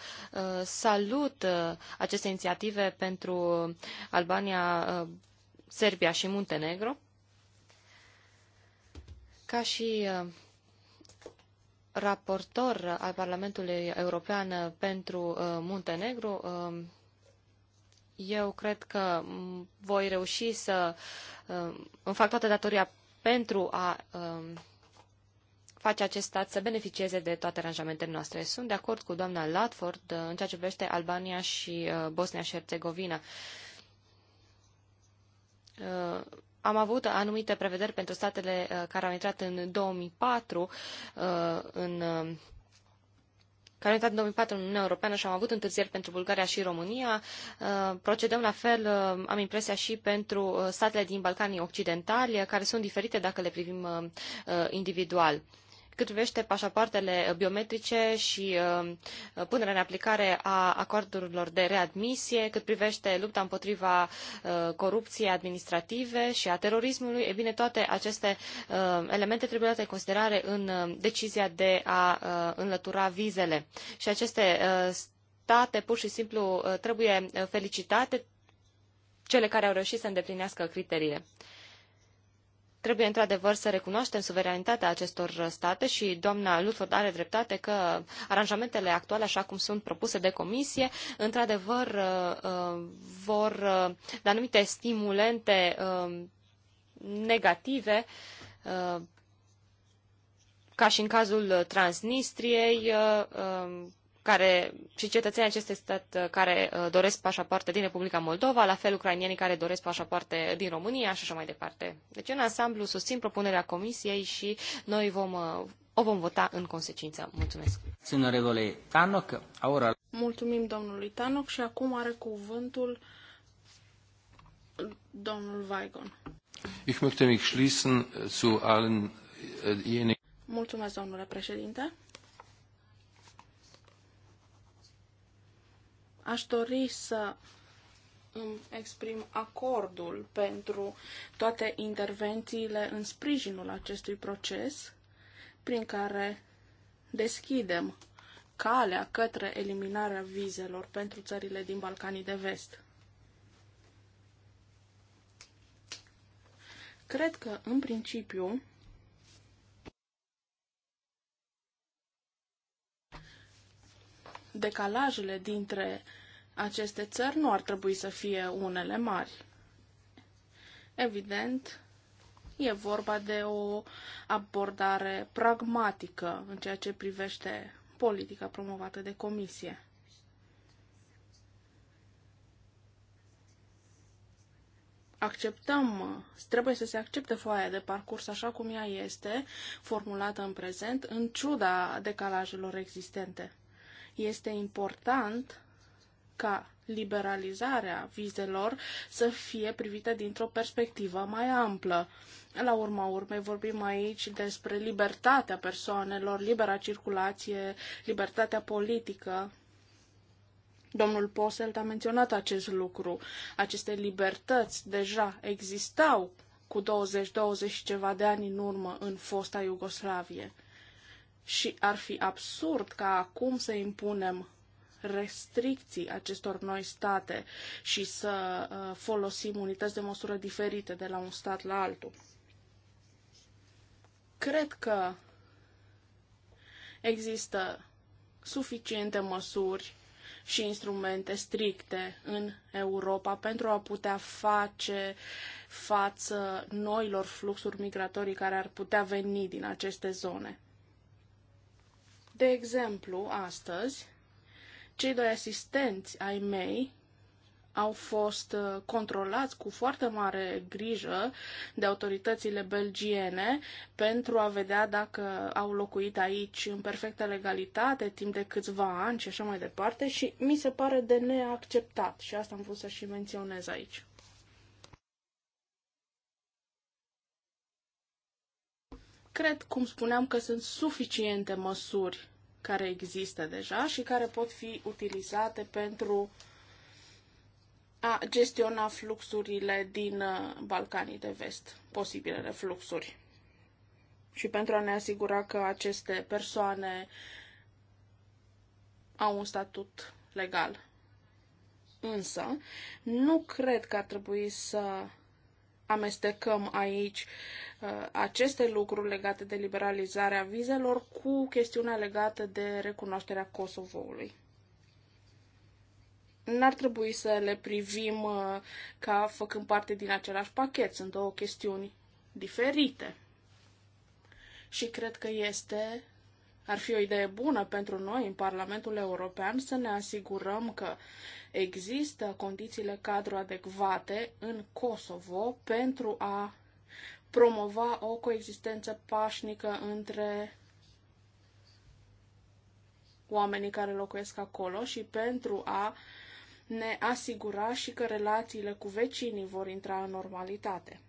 [SPEAKER 1] salut uh, aceste inițiative pentru Albania, Serbia și Muntenegro. Ca și raportor al Parlamentului European pentru uh, Muntenegru, um, eu cred că mm, voi reuși să um, îmi fac toată datoria pentru a um, face acest stat să beneficieze de toate aranjamentele noastre. Sunt de acord cu doamna Latford uh, în ceea ce privește Albania și uh, Bosnia și Herțegovina am avut anumite prevederi pentru statele uh, care au intrat în 2004 uh, în uh, care au intrat în 2004 în Uniunea Europeană și am avut întârzieri pentru Bulgaria și România. Procedăm la fel, am impresia, și pentru statele din Balcanii Occidentali, care sunt diferite dacă le privim individual. Cât privește pașapoartele biometrice și uh, punerea în aplicare a acordurilor de readmisie, cât privește lupta împotriva uh, corupției administrative și a terorismului, e bine, toate aceste uh, elemente trebuie luate în considerare în decizia de a înlătura vizele. Și aceste state pur și simplu trebuie felicitate, cele care au reușit să îndeplinească criteriile. Trebuie într-adevăr să recunoaștem suveranitatea acestor state și doamna Lutford are dreptate că aranjamentele actuale, așa cum sunt propuse de comisie, într-adevăr uh, uh, vor uh, da anumite stimulente negative ca și în cazul Transnistriei, care, și cetățenii acestui stat uh, care uh, doresc pașapoarte din Republica Moldova, la fel ucrainienii care doresc pașapoarte din România și așa mai departe. Deci, în ansamblu, susțin propunerea Comisiei și noi vom, uh, o vom vota în consecință. Mulțumesc!
[SPEAKER 2] Mulțumim domnului Tanoc și acum are cuvântul domnul Weigon.
[SPEAKER 1] Ich möchte mich schließen äh, zu allen äh, jenen.
[SPEAKER 2] Mulțumesc, domnule președinte. Aș dori să îmi exprim acordul pentru toate intervențiile în sprijinul acestui proces prin care deschidem calea către eliminarea vizelor pentru țările din Balcanii de Vest. Cred că, în principiu, decalajele dintre aceste țări nu ar trebui să fie unele mari. Evident, e vorba de o abordare pragmatică în ceea ce privește politica promovată de comisie. acceptăm, trebuie să se accepte foaia de parcurs așa cum ea este formulată în prezent, în ciuda decalajelor existente. Este important ca liberalizarea vizelor să fie privită dintr-o perspectivă mai amplă. La urma urmei vorbim aici despre libertatea persoanelor, libera circulație, libertatea politică. Domnul Poselt a menționat acest lucru. Aceste libertăți deja existau cu 20-20 și ceva de ani în urmă în fosta Iugoslavie. Și ar fi absurd ca acum să impunem restricții acestor noi state și să uh, folosim unități de măsură diferite de la un stat la altul. Cred că există suficiente măsuri și instrumente stricte în Europa pentru a putea face față noilor fluxuri migratorii care ar putea veni din aceste zone. De exemplu, astăzi, cei doi asistenți ai mei au fost uh, controlați cu foarte mare grijă de autoritățile belgiene pentru a vedea dacă au locuit aici în perfectă legalitate timp de câțiva ani și așa mai departe și mi se pare de neacceptat și asta am vrut să și menționez aici. Cred, cum spuneam, că sunt suficiente măsuri care există deja și care pot fi utilizate pentru a gestiona fluxurile din uh, Balcanii de Vest, posibilele fluxuri. Și pentru a ne asigura că aceste persoane au un statut legal. Însă, nu cred că ar trebui să amestecăm aici uh, aceste lucruri legate de liberalizarea vizelor cu chestiunea legată de recunoașterea Kosovoului. N-ar trebui să le privim uh, ca făcând parte din același pachet. Sunt două chestiuni diferite. Și cred că este ar fi o idee bună pentru noi în Parlamentul European să ne asigurăm că există condițiile cadru adecvate în Kosovo pentru a promova o coexistență pașnică între oamenii care locuiesc acolo și pentru a ne asigura și că relațiile cu vecinii vor intra în normalitate.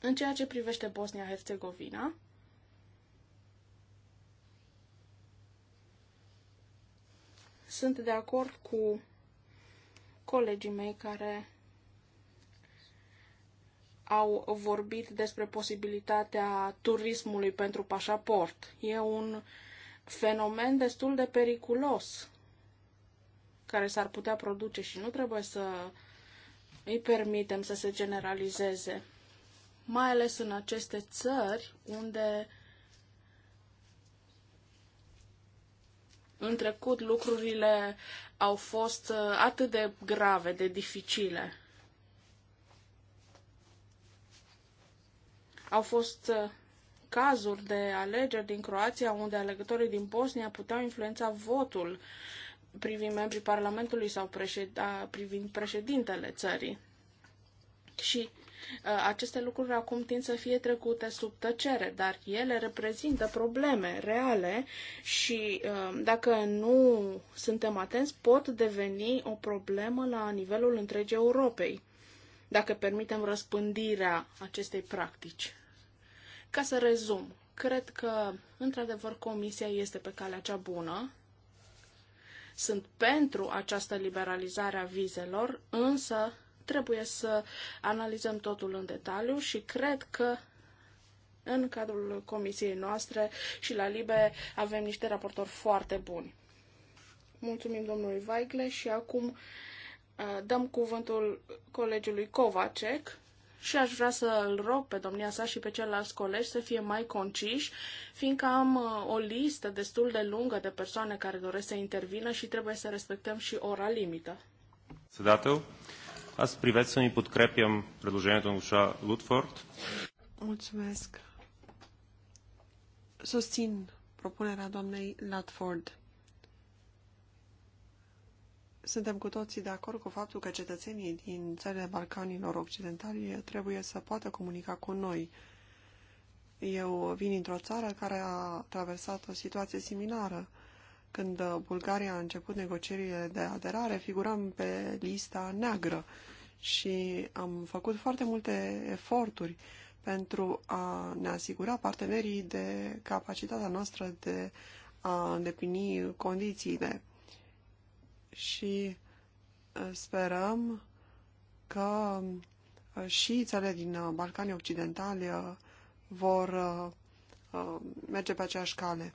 [SPEAKER 2] În ceea ce privește Bosnia-Herzegovina, Sunt de acord cu colegii mei care au vorbit despre posibilitatea turismului pentru pașaport. E un fenomen destul de periculos care s-ar putea produce și nu trebuie să îi permitem să se generalizeze, mai ales în aceste țări unde În trecut lucrurile au fost uh, atât de grave, de dificile. Au fost uh, cazuri de alegeri din Croația unde alegătorii din Bosnia puteau influența votul privind membrii Parlamentului sau președ... privind președintele țării. Și Uh, aceste lucruri acum tind să fie trecute sub tăcere, dar ele reprezintă probleme reale și uh, dacă nu suntem atenți pot deveni o problemă la nivelul întregii Europei, dacă permitem răspândirea acestei practici. Ca să rezum, cred că, într-adevăr, Comisia este pe calea cea bună. Sunt pentru această liberalizare a vizelor, însă Trebuie să analizăm totul în detaliu și cred că în cadrul comisiei noastre și la LIBE avem niște raportori foarte buni. Mulțumim domnului Vaigle și acum uh, dăm cuvântul colegiului Kovacek și aș vrea să îl rog pe domnia sa și pe ceilalți colegi să fie mai conciși, fiindcă am uh, o listă destul de lungă de persoane care doresc să intervină și trebuie să respectăm și ora limită.
[SPEAKER 3] Sedatău. Аз приветствам и подкрепям предложението на госпожа Лутфорд. Mulțumesc. Susțin propunerea doamnei Latford. Suntem cu toții de acord cu faptul că cetățenii din țările Balcanilor Occidentali trebuie să poată comunica cu noi. Eu vin dintr-o țară care a traversat o situație similară. Când uh, Bulgaria a început negocierile de aderare, figuram pe lista neagră și am făcut foarte multe eforturi pentru a ne asigura partenerii de capacitatea noastră de a îndeplini condițiile. Și uh, sperăm că uh, și țările din Balcanii Occidentali vor merge pe aceeași cale.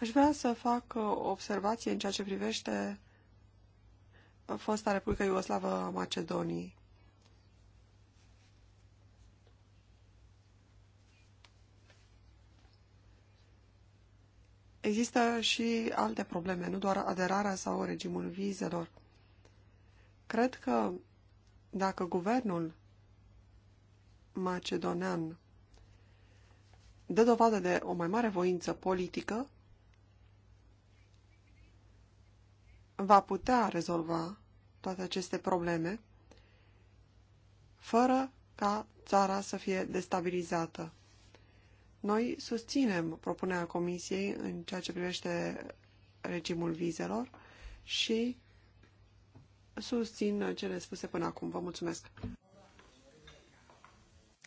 [SPEAKER 3] Aș vrea să fac uh, o observație în ceea ce privește uh, fosta Republica Iugoslavă a Macedoniei. Există și alte probleme, nu doar aderarea sau regimul vizelor. Cred că dacă guvernul macedonean dă dovadă de o mai mare voință politică, va putea rezolva toate aceste probleme fără ca țara să fie destabilizată. Noi susținem propunerea Comisiei în ceea ce privește regimul vizelor și susțin cele spuse până acum. Vă mulțumesc.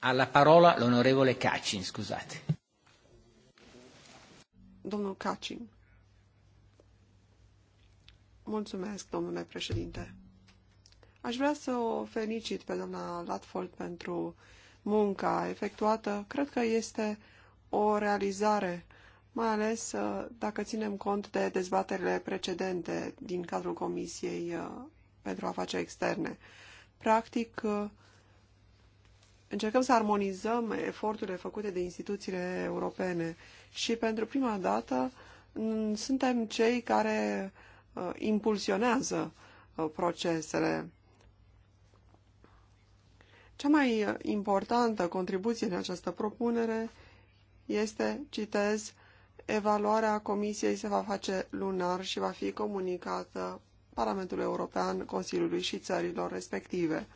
[SPEAKER 1] Alla parola l'onorevole Cacin, scuzate.
[SPEAKER 3] Domnul Cacin. Mulțumesc, domnule președinte. Aș vrea să o felicit pe doamna Latfold pentru munca efectuată. Cred că este o realizare, mai ales uh, dacă ținem cont de dezbaterile precedente din cadrul Comisiei uh, pentru Afaceri Externe. Practic, uh, încercăm să armonizăm eforturile făcute de instituțiile europene și pentru prima dată mm, suntem cei care Uh, impulsionează uh, procesele. Cea mai uh, importantă contribuție în această propunere este, citez, evaluarea Comisiei se va face lunar și va fi comunicată Parlamentului European, Consiliului și țărilor respective.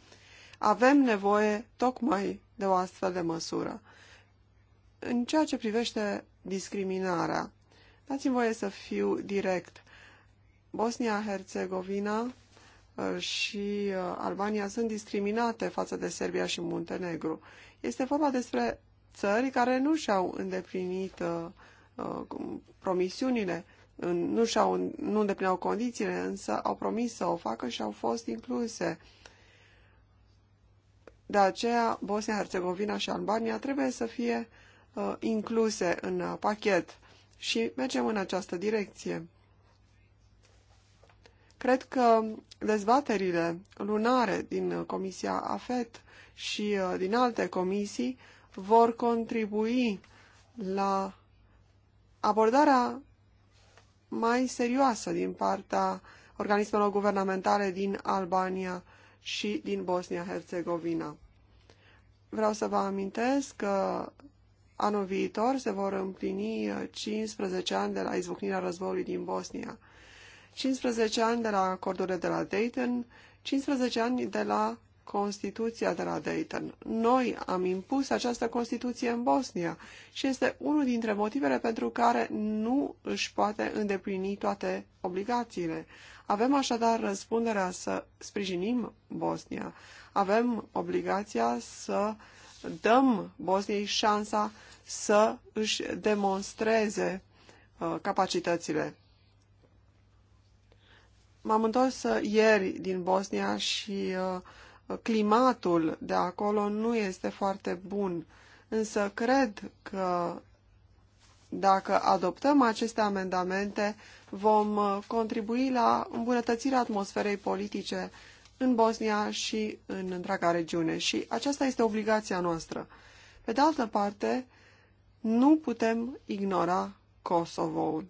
[SPEAKER 3] Avem nevoie tocmai de o astfel de măsură. În ceea ce privește discriminarea, dați-mi voie să fiu direct. Bosnia-Herzegovina uh, și uh, Albania sunt discriminate față de Serbia și Muntenegru. Este vorba despre țări care nu și-au îndeplinit uh, promisiunile, nu, și-au, nu îndeplineau condițiile, însă au promis să o facă și au fost incluse. De aceea, Bosnia-Herzegovina și Albania trebuie să fie uh, incluse în pachet și mergem în această direcție. Cred că dezbaterile lunare din Comisia AFET și uh, din alte comisii vor contribui la abordarea mai serioasă din partea organismelor guvernamentale din Albania și din Bosnia-Herzegovina. Vreau să vă amintesc că anul viitor se vor împlini 15 ani de la izbucnirea războiului din Bosnia. 15 ani de la acordurile de la Dayton, 15 ani de la Constituția de la Dayton. Noi am impus această Constituție în Bosnia și este unul dintre motivele pentru care nu își poate îndeplini toate obligațiile. Avem așadar răspunderea să sprijinim Bosnia. Avem obligația să dăm Bosniei șansa să își demonstreze uh, capacitățile. M-am întors uh, ieri din Bosnia și uh, climatul de acolo nu este foarte bun, însă cred că dacă adoptăm aceste amendamente, vom uh, contribui la îmbunătățirea atmosferei politice în Bosnia și în întreaga regiune și aceasta este obligația noastră. Pe de altă parte, nu putem ignora Kosovoul.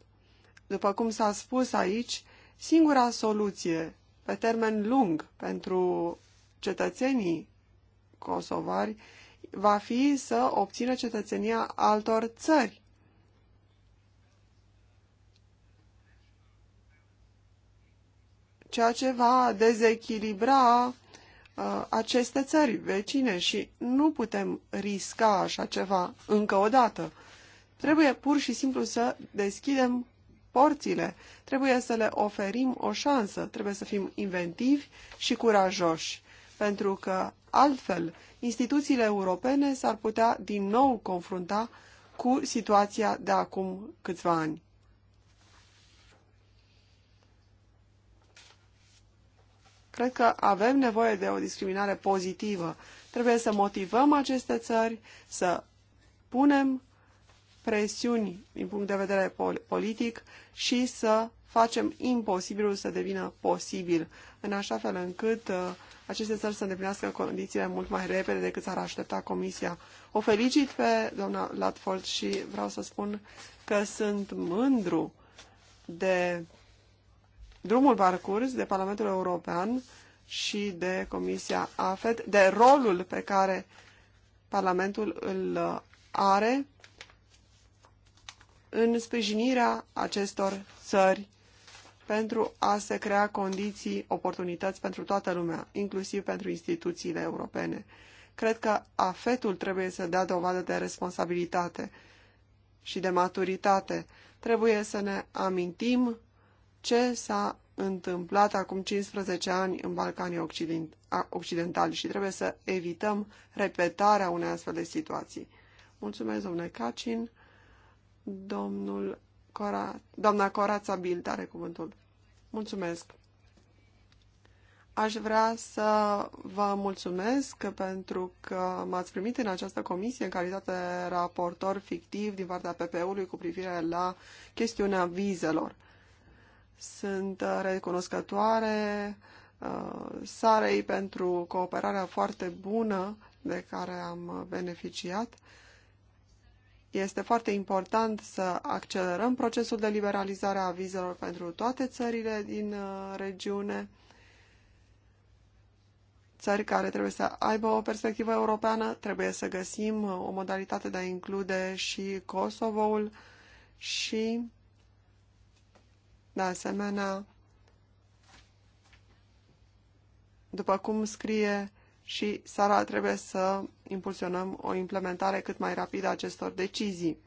[SPEAKER 3] După cum s-a spus aici, Singura soluție pe termen lung pentru cetățenii kosovari va fi să obțină cetățenia altor țări. Ceea ce va dezechilibra uh, aceste țări vecine și nu putem risca așa ceva încă o dată. Trebuie pur și simplu să deschidem porțile, trebuie să le oferim o șansă, trebuie să fim inventivi și curajoși, pentru că altfel instituțiile europene s-ar putea din nou confrunta cu situația de acum câțiva ani. Cred că avem nevoie de o discriminare pozitivă. Trebuie să motivăm aceste țări, să punem presiuni din punct de vedere politic și să facem imposibilul să devină posibil, în așa fel încât uh, aceste țări să îndeplinească condițiile mult mai repede decât s-ar aștepta Comisia. O felicit pe doamna Latford și vreau să spun că sunt mândru de drumul parcurs de Parlamentul European și de Comisia AFET, de rolul pe care Parlamentul îl uh, are în sprijinirea acestor țări pentru a se crea condiții, oportunități pentru toată lumea, inclusiv pentru instituțiile europene. Cred că afetul trebuie să dea dovadă de responsabilitate și de maturitate. Trebuie să ne amintim ce s-a întâmplat acum 15 ani în Balcanii Occident Occidentali și trebuie să evităm repetarea unei astfel de situații. Mulțumesc, domnule Cacin. Domnul Cora, doamna Corața Bild are cuvântul. Mulțumesc. Aș vrea să vă mulțumesc pentru că m-ați primit în această comisie în calitate raportor fictiv din partea PP-ului cu privire la chestiunea vizelor. Sunt uh, recunoscătoare uh, Sarei pentru cooperarea foarte bună de care am beneficiat este foarte important să accelerăm procesul de liberalizare a vizelor pentru toate țările din uh, regiune, țări care trebuie să aibă o perspectivă europeană, trebuie să găsim uh, o modalitate de a include și Kosovo-ul și, de asemenea, după cum scrie și Sara trebuie să impulsionăm o implementare cât mai rapidă a acestor decizii.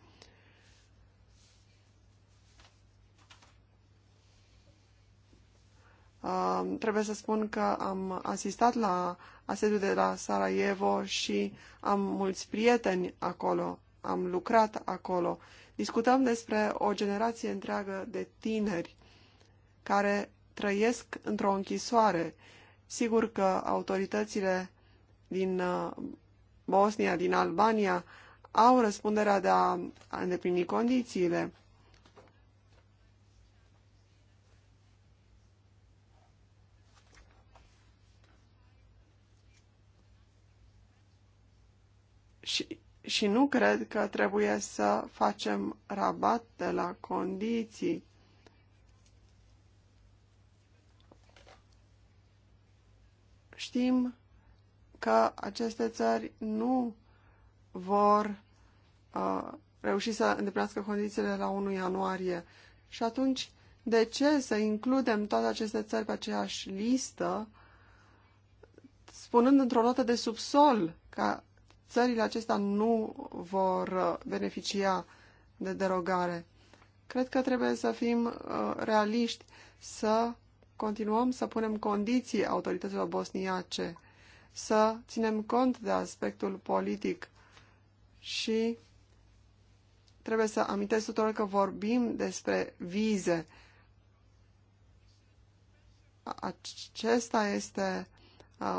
[SPEAKER 3] Uh, trebuie să spun că am asistat la asediul de la Sarajevo și am mulți prieteni acolo, am lucrat acolo. Discutăm despre o generație întreagă de tineri care trăiesc într-o închisoare Sigur că autoritățile din uh, Bosnia, din Albania, au răspunderea de a îndeplini condițiile. Și, și nu cred că trebuie să facem rabat de la condiții. Știm că aceste țări nu vor uh, reuși să îndeplinească condițiile la 1 ianuarie. Și atunci, de ce să includem toate aceste țări pe aceeași listă, spunând într-o notă de subsol că țările acestea nu vor uh, beneficia de derogare? Cred că trebuie să fim uh, realiști, să continuăm să punem condiții autorităților bosniace, să ținem cont de aspectul politic și trebuie să amintesc tuturor că vorbim despre vize. Acesta este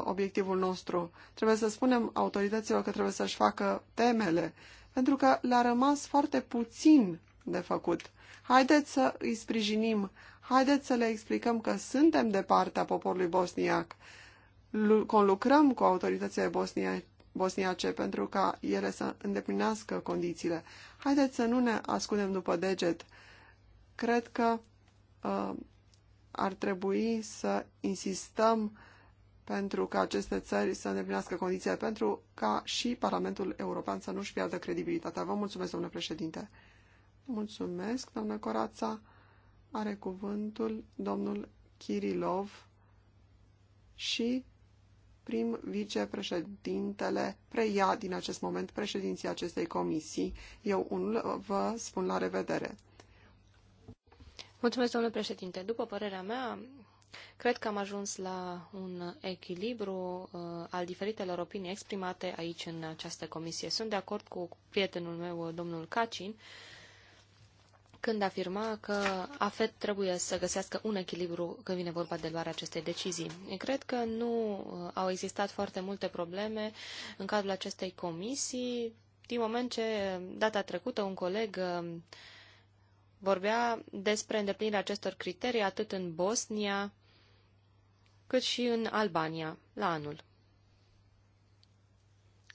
[SPEAKER 3] obiectivul nostru. Trebuie să spunem autorităților că trebuie să-și facă temele, pentru că le-a rămas foarte puțin de făcut. Haideți să îi sprijinim, Haideți să le explicăm că suntem de partea poporului bosniac, conlucrăm cu autoritățile bosnia bosniace pentru ca ele să îndeplinească condițiile. Haideți să nu ne ascundem după deget. Cred că uh, ar trebui să insistăm pentru ca aceste țări să îndeplinească condițiile, pentru ca și Parlamentul European să nu-și piardă credibilitatea. Vă mulțumesc, domnule președinte. Mulțumesc, doamnă Corața are cuvântul domnul Kirilov și prim vicepreședintele preia din acest moment președinția acestei comisii. Eu unul vă spun la revedere.
[SPEAKER 1] Mulțumesc, domnule președinte. După părerea mea, cred că am ajuns la un echilibru uh, al diferitelor opinii exprimate aici în această comisie. Sunt de acord cu prietenul meu, domnul Cacin, uh, când afirma că AFET trebuie să găsească un echilibru când vine vorba de luarea acestei decizii. Cred că nu uh, au existat foarte multe probleme în cadrul acestei comisii, din moment ce uh, data trecută un coleg uh, vorbea despre îndeplinirea acestor criterii atât în Bosnia cât și în Albania la anul.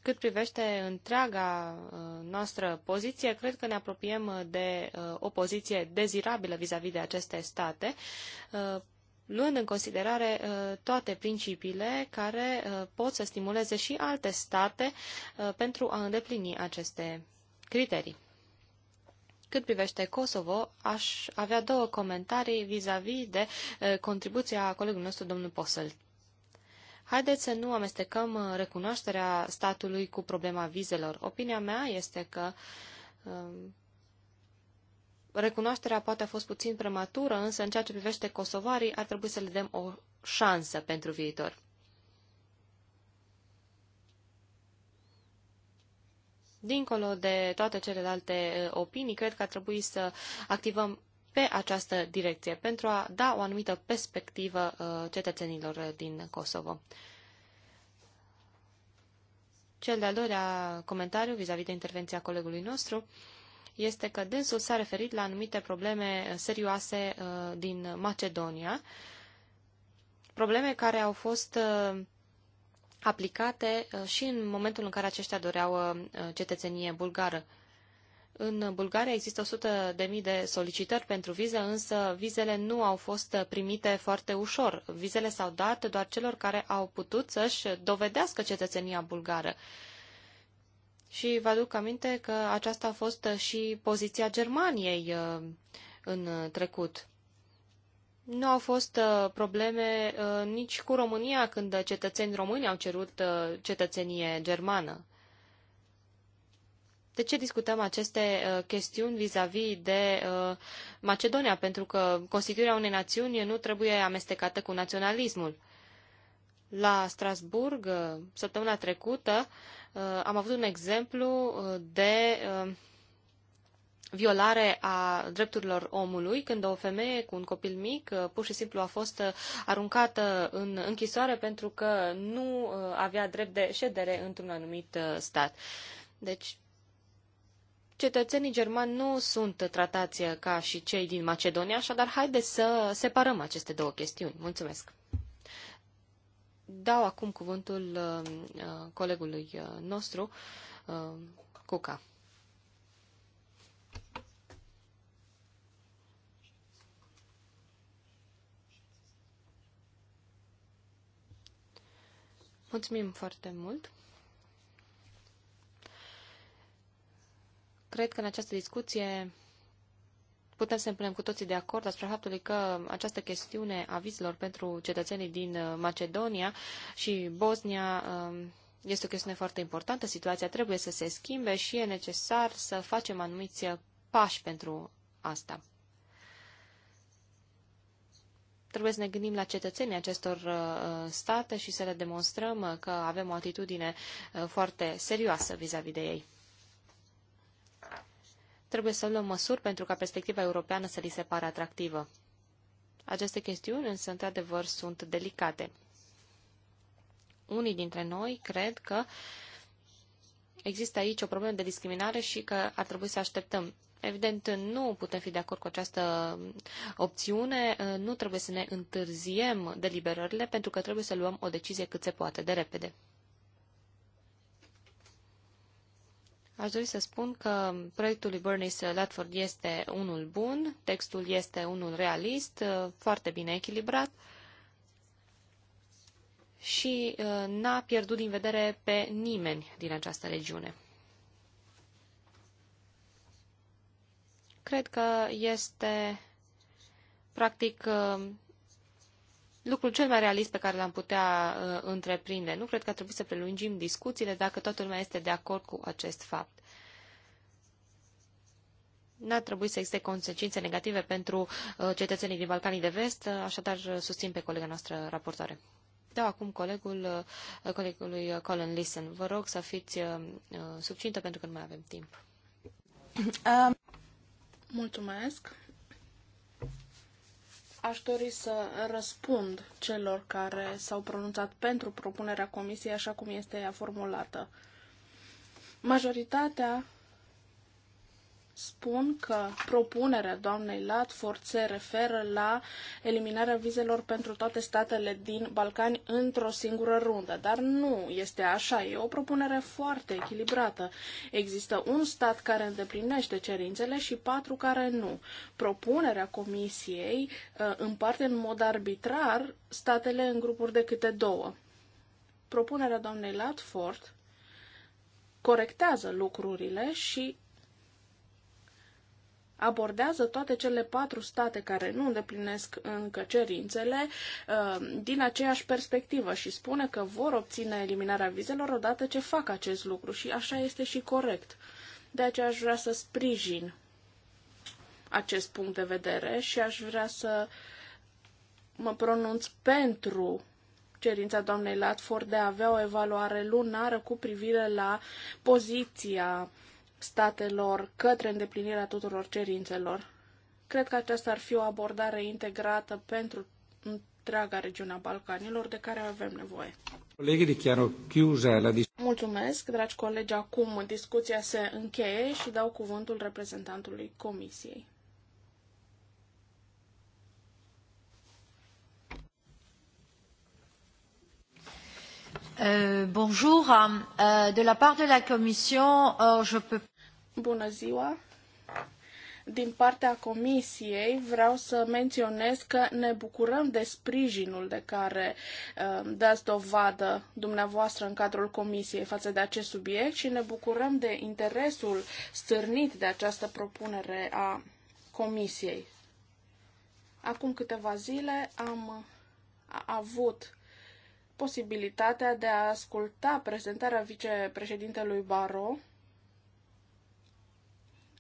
[SPEAKER 1] Cât privește întreaga uh, noastră poziție, cred că ne apropiem uh, de uh, o poziție dezirabilă vis-a-vis de aceste state, luând în considerare toate principiile care pot să stimuleze și alte state pentru a îndeplini aceste criterii. Cât privește Kosovo, aș avea două comentarii vis-a-vis de contribuția colegului nostru, domnul Posel. Haideți să nu amestecăm uh, recunoașterea statului cu problema vizelor. Opinia mea este că um, recunoașterea poate a fost puțin prematură, însă în ceea ce privește kosovarii ar trebui să le dăm o șansă pentru viitor. Dincolo de toate celelalte uh, opinii, cred că ar trebui să activăm pe această direcție, pentru a da o anumită perspectivă uh, cetățenilor din Kosovo. Cel de-al doilea comentariu vis-a-vis -vis de intervenția colegului nostru este că dânsul s-a referit la anumite probleme serioase uh, din Macedonia, probleme care au fost uh, aplicate și în momentul în care aceștia doreau cetățenie bulgară. În Bulgaria există 100.000 de solicitări pentru vize, însă vizele nu au fost primite foarte ușor. Vizele s-au dat doar celor care au putut să-și dovedească cetățenia bulgară. Și vă aduc aminte că aceasta a fost și poziția Germaniei uh, în trecut. Nu au fost uh, probleme uh, nici cu România când cetățeni români au cerut cetățenie germană. De ce discutăm aceste uh, chestiuni vis-a-vis -vis de uh, Macedonia? Pentru că constituirea unei națiuni nu trebuie amestecată cu naționalismul. La Strasburg, uh, săptămâna trecută, am avut un exemplu de violare a drepturilor omului, când o femeie cu un copil mic pur și simplu a fost aruncată în închisoare pentru că nu avea drept de ședere într-un anumit stat. Deci, cetățenii germani nu sunt tratați ca și cei din Macedonia, așadar haideți să separăm aceste două chestiuni. Mulțumesc! Dau acum cuvântul uh, uh colegului uh, nostru, uh, Cuca. Mulțumim foarte mult! Cred că în această discuție putem să ne punem cu toții de acord asupra faptului că această chestiune a vizelor pentru cetățenii din uh, Macedonia și Bosnia um, este o chestiune foarte importantă. Situația trebuie să se schimbe și e necesar să facem anumiți pași pentru asta. Trebuie să ne gândim la cetățenii acestor uh, state și să le demonstrăm că avem o atitudine uh, foarte serioasă vis-a-vis -vis de ei trebuie să luăm măsuri pentru ca perspectiva europeană să li se pară atractivă. Aceste chestiuni însă, într-adevăr, sunt delicate. Unii dintre noi cred că există aici o problemă de discriminare și că ar trebui să așteptăm. Evident, nu putem fi de acord cu această opțiune, nu trebuie să ne întârziem deliberările pentru că trebuie să luăm o decizie cât se poate de repede. Aș dori să spun că proiectul lui Bernice Latford este unul bun, textul este unul realist, foarte bine echilibrat și uh, n-a pierdut din vedere pe nimeni din această regiune. Cred că este practic uh, lucrul cel mai realist pe care l-am putea uh, întreprinde. Nu cred că trebuie să prelungim discuțiile dacă toată lumea este de acord cu acest fapt. N-ar trebui să existe consecințe negative pentru uh, cetățenii din Balcanii de Vest, uh, așadar uh, susțin pe colega noastră raportoare. Dau acum colegul, uh, colegului Colin Listen. Vă rog să fiți uh, uh subcintă
[SPEAKER 2] pentru că nu mai avem timp. Um, mulțumesc. Aș dori să răspund celor care s-au pronunțat pentru propunerea comisiei așa cum este ea formulată. Majoritatea spun că propunerea doamnei Latford se referă la eliminarea vizelor pentru toate statele din Balcani într-o singură rundă, dar nu este așa. E o propunere foarte echilibrată. Există un stat care îndeplinește cerințele și patru care nu. Propunerea Comisiei uh, împarte în mod arbitrar statele în grupuri de câte două. Propunerea doamnei Latford corectează lucrurile și abordează toate cele patru state care nu îndeplinesc încă cerințele uh, din aceeași perspectivă și spune că vor obține eliminarea vizelor odată ce fac acest lucru și așa este și corect. De aceea aș vrea să sprijin acest punct de vedere și aș vrea să mă pronunț pentru cerința doamnei Latford de a avea o evaluare lunară cu privire la poziția uh, statelor către îndeplinirea tuturor cerințelor. Cred că aceasta ar fi o abordare integrată pentru întreaga regiune a Balcanilor de care avem nevoie. Colegii Mulțumesc, dragi colegi. Acum discuția se încheie și dau cuvântul reprezentantului Comisiei. Euh, bonjour. Euh, de la part de la Commission, euh, je peux... Bună ziua! Din partea Comisiei vreau să menționez că ne bucurăm de sprijinul de care uh, dați dovadă dumneavoastră în cadrul Comisiei față de acest subiect și ne bucurăm de interesul stârnit de această propunere a Comisiei. Acum câteva zile am avut posibilitatea de a asculta prezentarea vicepreședintelui Baro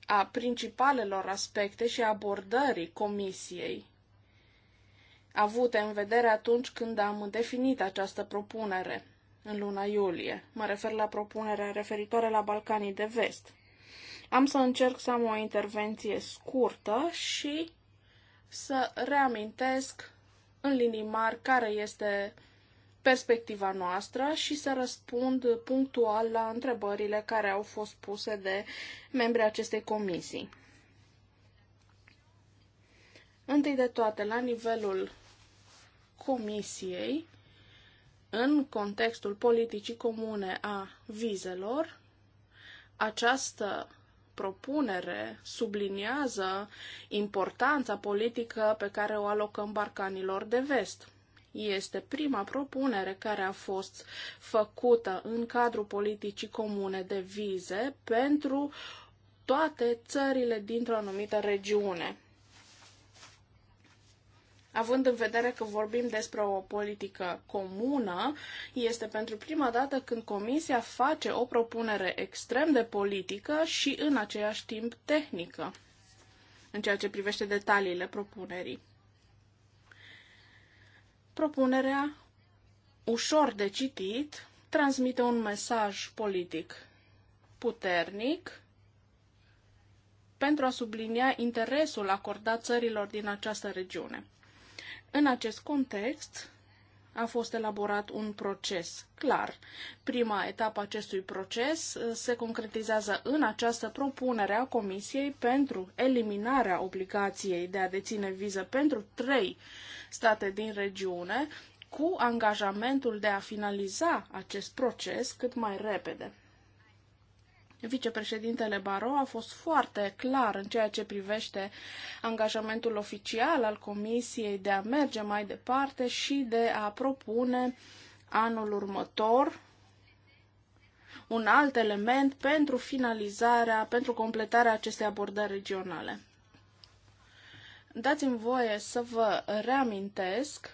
[SPEAKER 2] a principalelor aspecte și abordării comisiei avute în vedere atunci când am definit această propunere în luna iulie. Mă refer la propunerea referitoare la Balcanii de Vest. Am să încerc să am o intervenție scurtă și să reamintesc în linii mari care este perspectiva noastră și să răspund punctual la întrebările care au fost puse de membrii acestei comisii. Întâi de toate, la nivelul comisiei, în contextul politicii comune a vizelor, această propunere subliniază importanța politică pe care o alocăm Barcanilor de vest. Este prima propunere care a fost făcută în cadrul politicii comune de vize pentru toate țările dintr-o anumită regiune. Având în vedere că vorbim despre o politică comună, este pentru prima dată când Comisia face o propunere extrem de politică și în aceeași timp tehnică în ceea ce privește detaliile propunerii. Propunerea, ușor de citit, transmite un mesaj politic puternic pentru a sublinia interesul acordat țărilor din această regiune. În acest context, a fost elaborat un proces clar. Prima etapă acestui proces uh, se concretizează în această propunere a Comisiei pentru eliminarea obligației de a deține viză pentru trei state din regiune, cu angajamentul de a finaliza acest proces cât mai repede. Vicepreședintele Baro a fost foarte clar în ceea ce privește angajamentul oficial al Comisiei de a merge mai departe și de a propune anul următor un alt element pentru finalizarea, pentru completarea acestei abordări regionale. Dați-mi voie să vă reamintesc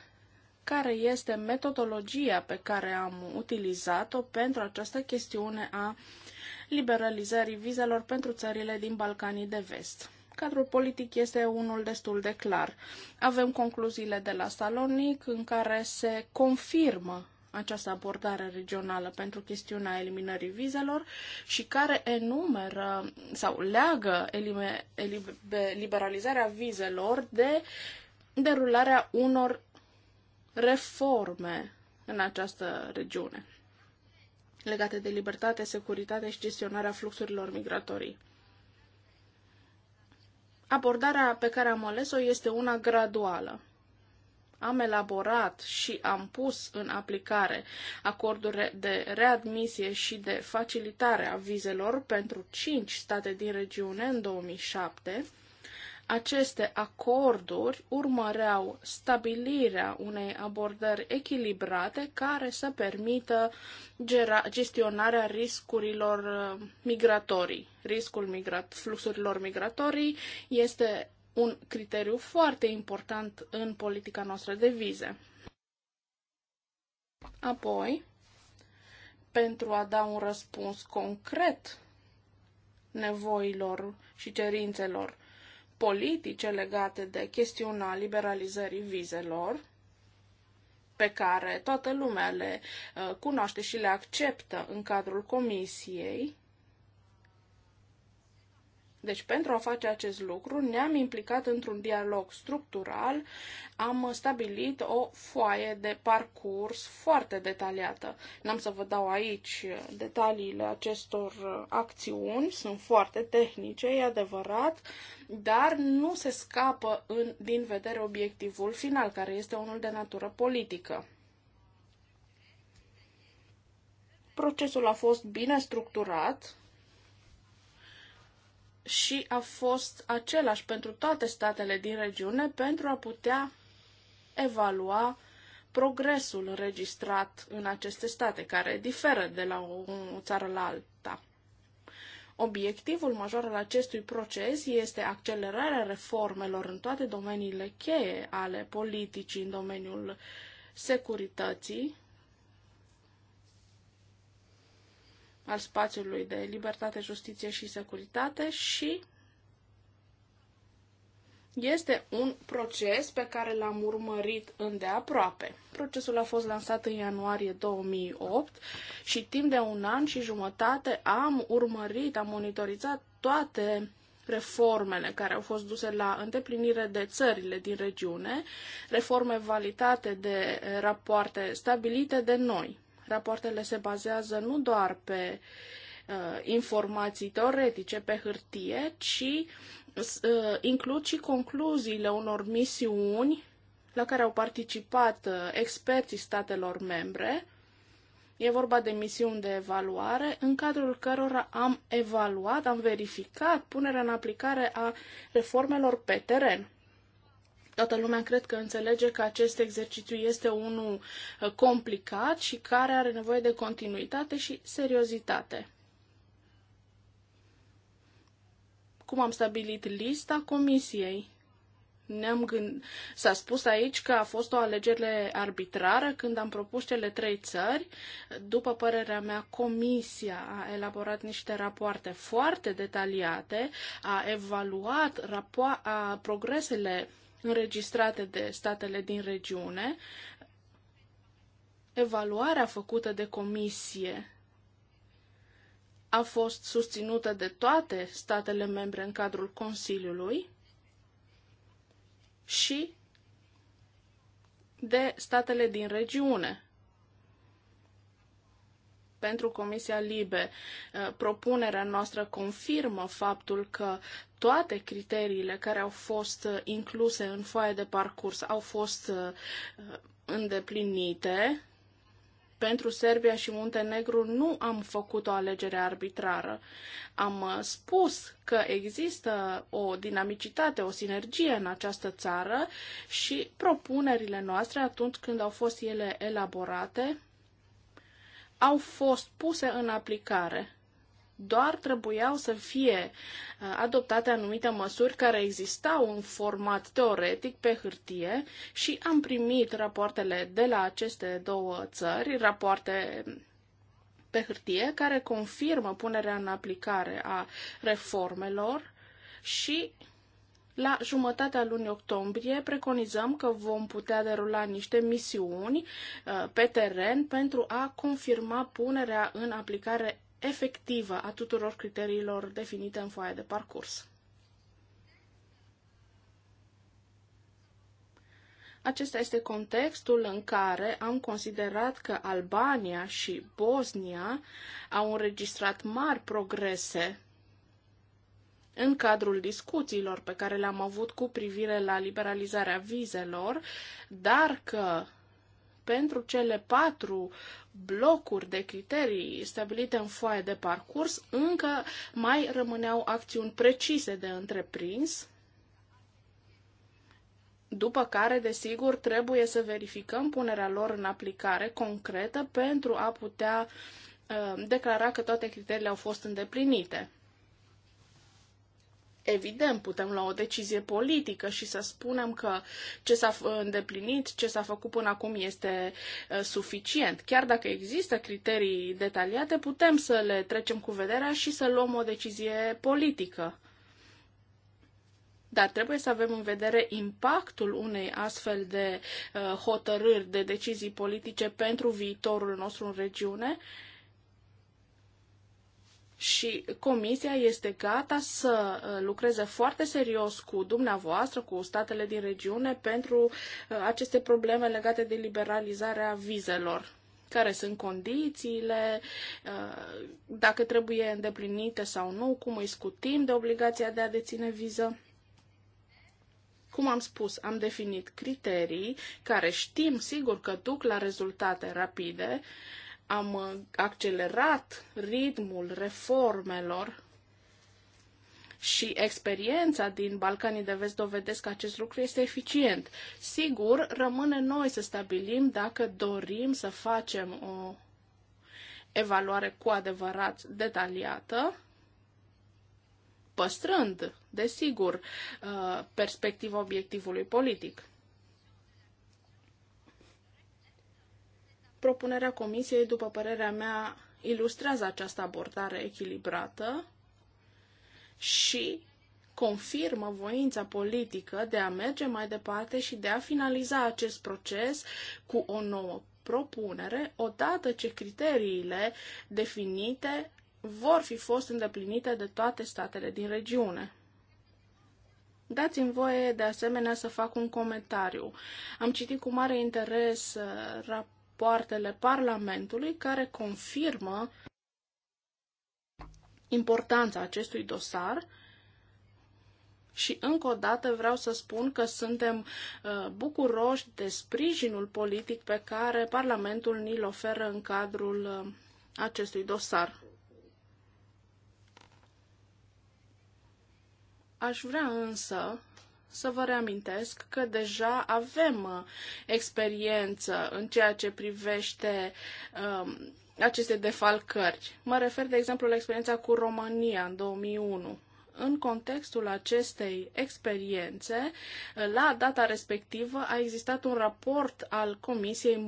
[SPEAKER 2] care este metodologia pe care am utilizat-o pentru această chestiune a liberalizării vizelor pentru țările din Balcanii de Vest. Cadrul politic este unul destul de clar. Avem concluziile de la Salonic în care se confirmă această abordare regională pentru chestiunea eliminării vizelor și care enumeră sau leagă elime, elib, liberalizarea vizelor de derularea unor reforme în această regiune legate de libertate, securitate și gestionarea fluxurilor migratorii. Abordarea pe care am ales-o este una graduală. Am elaborat și am pus în aplicare acorduri de readmisie și de facilitare a vizelor pentru cinci state din regiune în 2007 aceste acorduri urmăreau stabilirea unei abordări echilibrate care să permită gestionarea riscurilor uh, migratorii. Riscul migrat, fluxurilor migratorii este un criteriu foarte important în politica noastră de vize. Apoi, pentru a da un răspuns concret nevoilor și cerințelor politice legate de chestiunea liberalizării vizelor, pe care toată lumea le uh, cunoaște și le acceptă în cadrul Comisiei, deci, pentru a face acest lucru, ne-am implicat într-un dialog structural, am stabilit o foaie de parcurs foarte detaliată. N-am să vă dau aici detaliile acestor acțiuni, sunt foarte tehnice, e adevărat, dar nu se scapă în, din vedere obiectivul final, care este unul de natură politică. Procesul a fost bine structurat, și a fost același pentru toate statele din regiune pentru a putea evalua progresul înregistrat în aceste state, care diferă de la o, o țară la alta. Obiectivul major al acestui proces este accelerarea reformelor în toate domeniile cheie ale politicii în domeniul securității, al spațiului de libertate, justiție și securitate și este un proces pe care l-am urmărit îndeaproape. Procesul a fost lansat în ianuarie 2008 și timp de un an și jumătate am urmărit, am monitorizat toate reformele care au fost duse la îndeplinire de țările din regiune, reforme validate de rapoarte stabilite de noi. Rapoartele se bazează nu doar pe uh, informații teoretice pe hârtie, ci uh, includ și concluziile unor misiuni la care au participat uh, experții statelor membre. E vorba de misiuni de evaluare, în cadrul cărora am evaluat, am verificat punerea în aplicare a reformelor pe teren. Toată lumea cred că înțelege că acest exercițiu este unul uh, complicat și care are nevoie de continuitate și seriozitate. Cum am stabilit lista comisiei? Ne-am gând... S-a spus aici că a fost o alegere arbitrară când am propus cele trei țări. După părerea mea, Comisia a elaborat niște rapoarte foarte detaliate, a evaluat rapo- a progresele înregistrate de statele din regiune, evaluarea făcută de comisie a fost susținută de toate statele membre în cadrul Consiliului și de statele din regiune. Pentru Comisia Libe, eh, propunerea noastră confirmă faptul că toate criteriile care au fost uh, incluse în foaia de parcurs au fost uh, uh, îndeplinite. Pentru Serbia și Muntenegru nu am făcut o alegere arbitrară. Am spus că există o dinamicitate, o sinergie în această țară și propunerile noastre, atunci când au fost ele elaborate, au fost puse în aplicare doar trebuiau să fie uh, adoptate anumite măsuri care existau în format teoretic pe hârtie și am primit rapoartele de la aceste două țări, rapoarte pe hârtie care confirmă punerea în aplicare a reformelor și la jumătatea lunii octombrie preconizăm că vom putea derula niște misiuni uh, pe teren pentru a confirma punerea în aplicare efectivă a tuturor criteriilor definite în foaia de parcurs. Acesta este contextul în care am considerat că Albania și Bosnia au înregistrat mari progrese în cadrul discuțiilor pe care le-am avut cu privire la liberalizarea vizelor, dar că pentru cele patru blocuri de criterii stabilite în foaie de parcurs, încă mai rămâneau acțiuni precise de întreprins, după care, desigur, trebuie să verificăm punerea lor în aplicare concretă pentru a putea uh, declara că toate criteriile au fost îndeplinite. Evident, putem lua o decizie politică și să spunem că ce s-a îndeplinit, ce s-a făcut până acum este uh, suficient. Chiar dacă există criterii detaliate, putem să le trecem cu vederea și să luăm o decizie politică. Dar trebuie să avem în vedere impactul unei astfel de uh, hotărâri, de decizii politice pentru viitorul nostru în regiune și Comisia este gata să uh, lucreze foarte serios cu dumneavoastră, cu statele din regiune, pentru uh, aceste probleme legate de liberalizarea vizelor care sunt condițiile, uh, dacă trebuie îndeplinite sau nu, cum îi scutim de obligația de a deține viză. Cum am spus, am definit criterii care știm sigur că duc la rezultate rapide, uh, am uh, accelerat ritmul reformelor și experiența din Balcanii de Vest dovedesc că acest lucru este eficient. Sigur, rămâne noi să stabilim dacă dorim să facem o evaluare cu adevărat detaliată, păstrând, desigur, uh, perspectiva obiectivului politic. Propunerea comisiei, după părerea mea, ilustrează această abordare echilibrată și confirmă voința politică de a merge mai departe și de a finaliza acest proces cu o nouă propunere, odată ce criteriile definite vor fi fost îndeplinite de toate statele din regiune. Dați-mi voie de asemenea să fac un comentariu. Am citit cu mare interes uh, raportul poartele Parlamentului care confirmă importanța acestui dosar și încă o dată vreau să spun că suntem uh, bucuroși de sprijinul politic pe care Parlamentul ni-l oferă în cadrul uh, acestui dosar. Aș vrea însă să vă reamintesc că deja avem uh, experiență în ceea ce privește um, aceste defalcări. Mă refer, de exemplu, la experiența cu România în 2001. În contextul acestei experiențe, uh, la data respectivă a existat un raport al Comisiei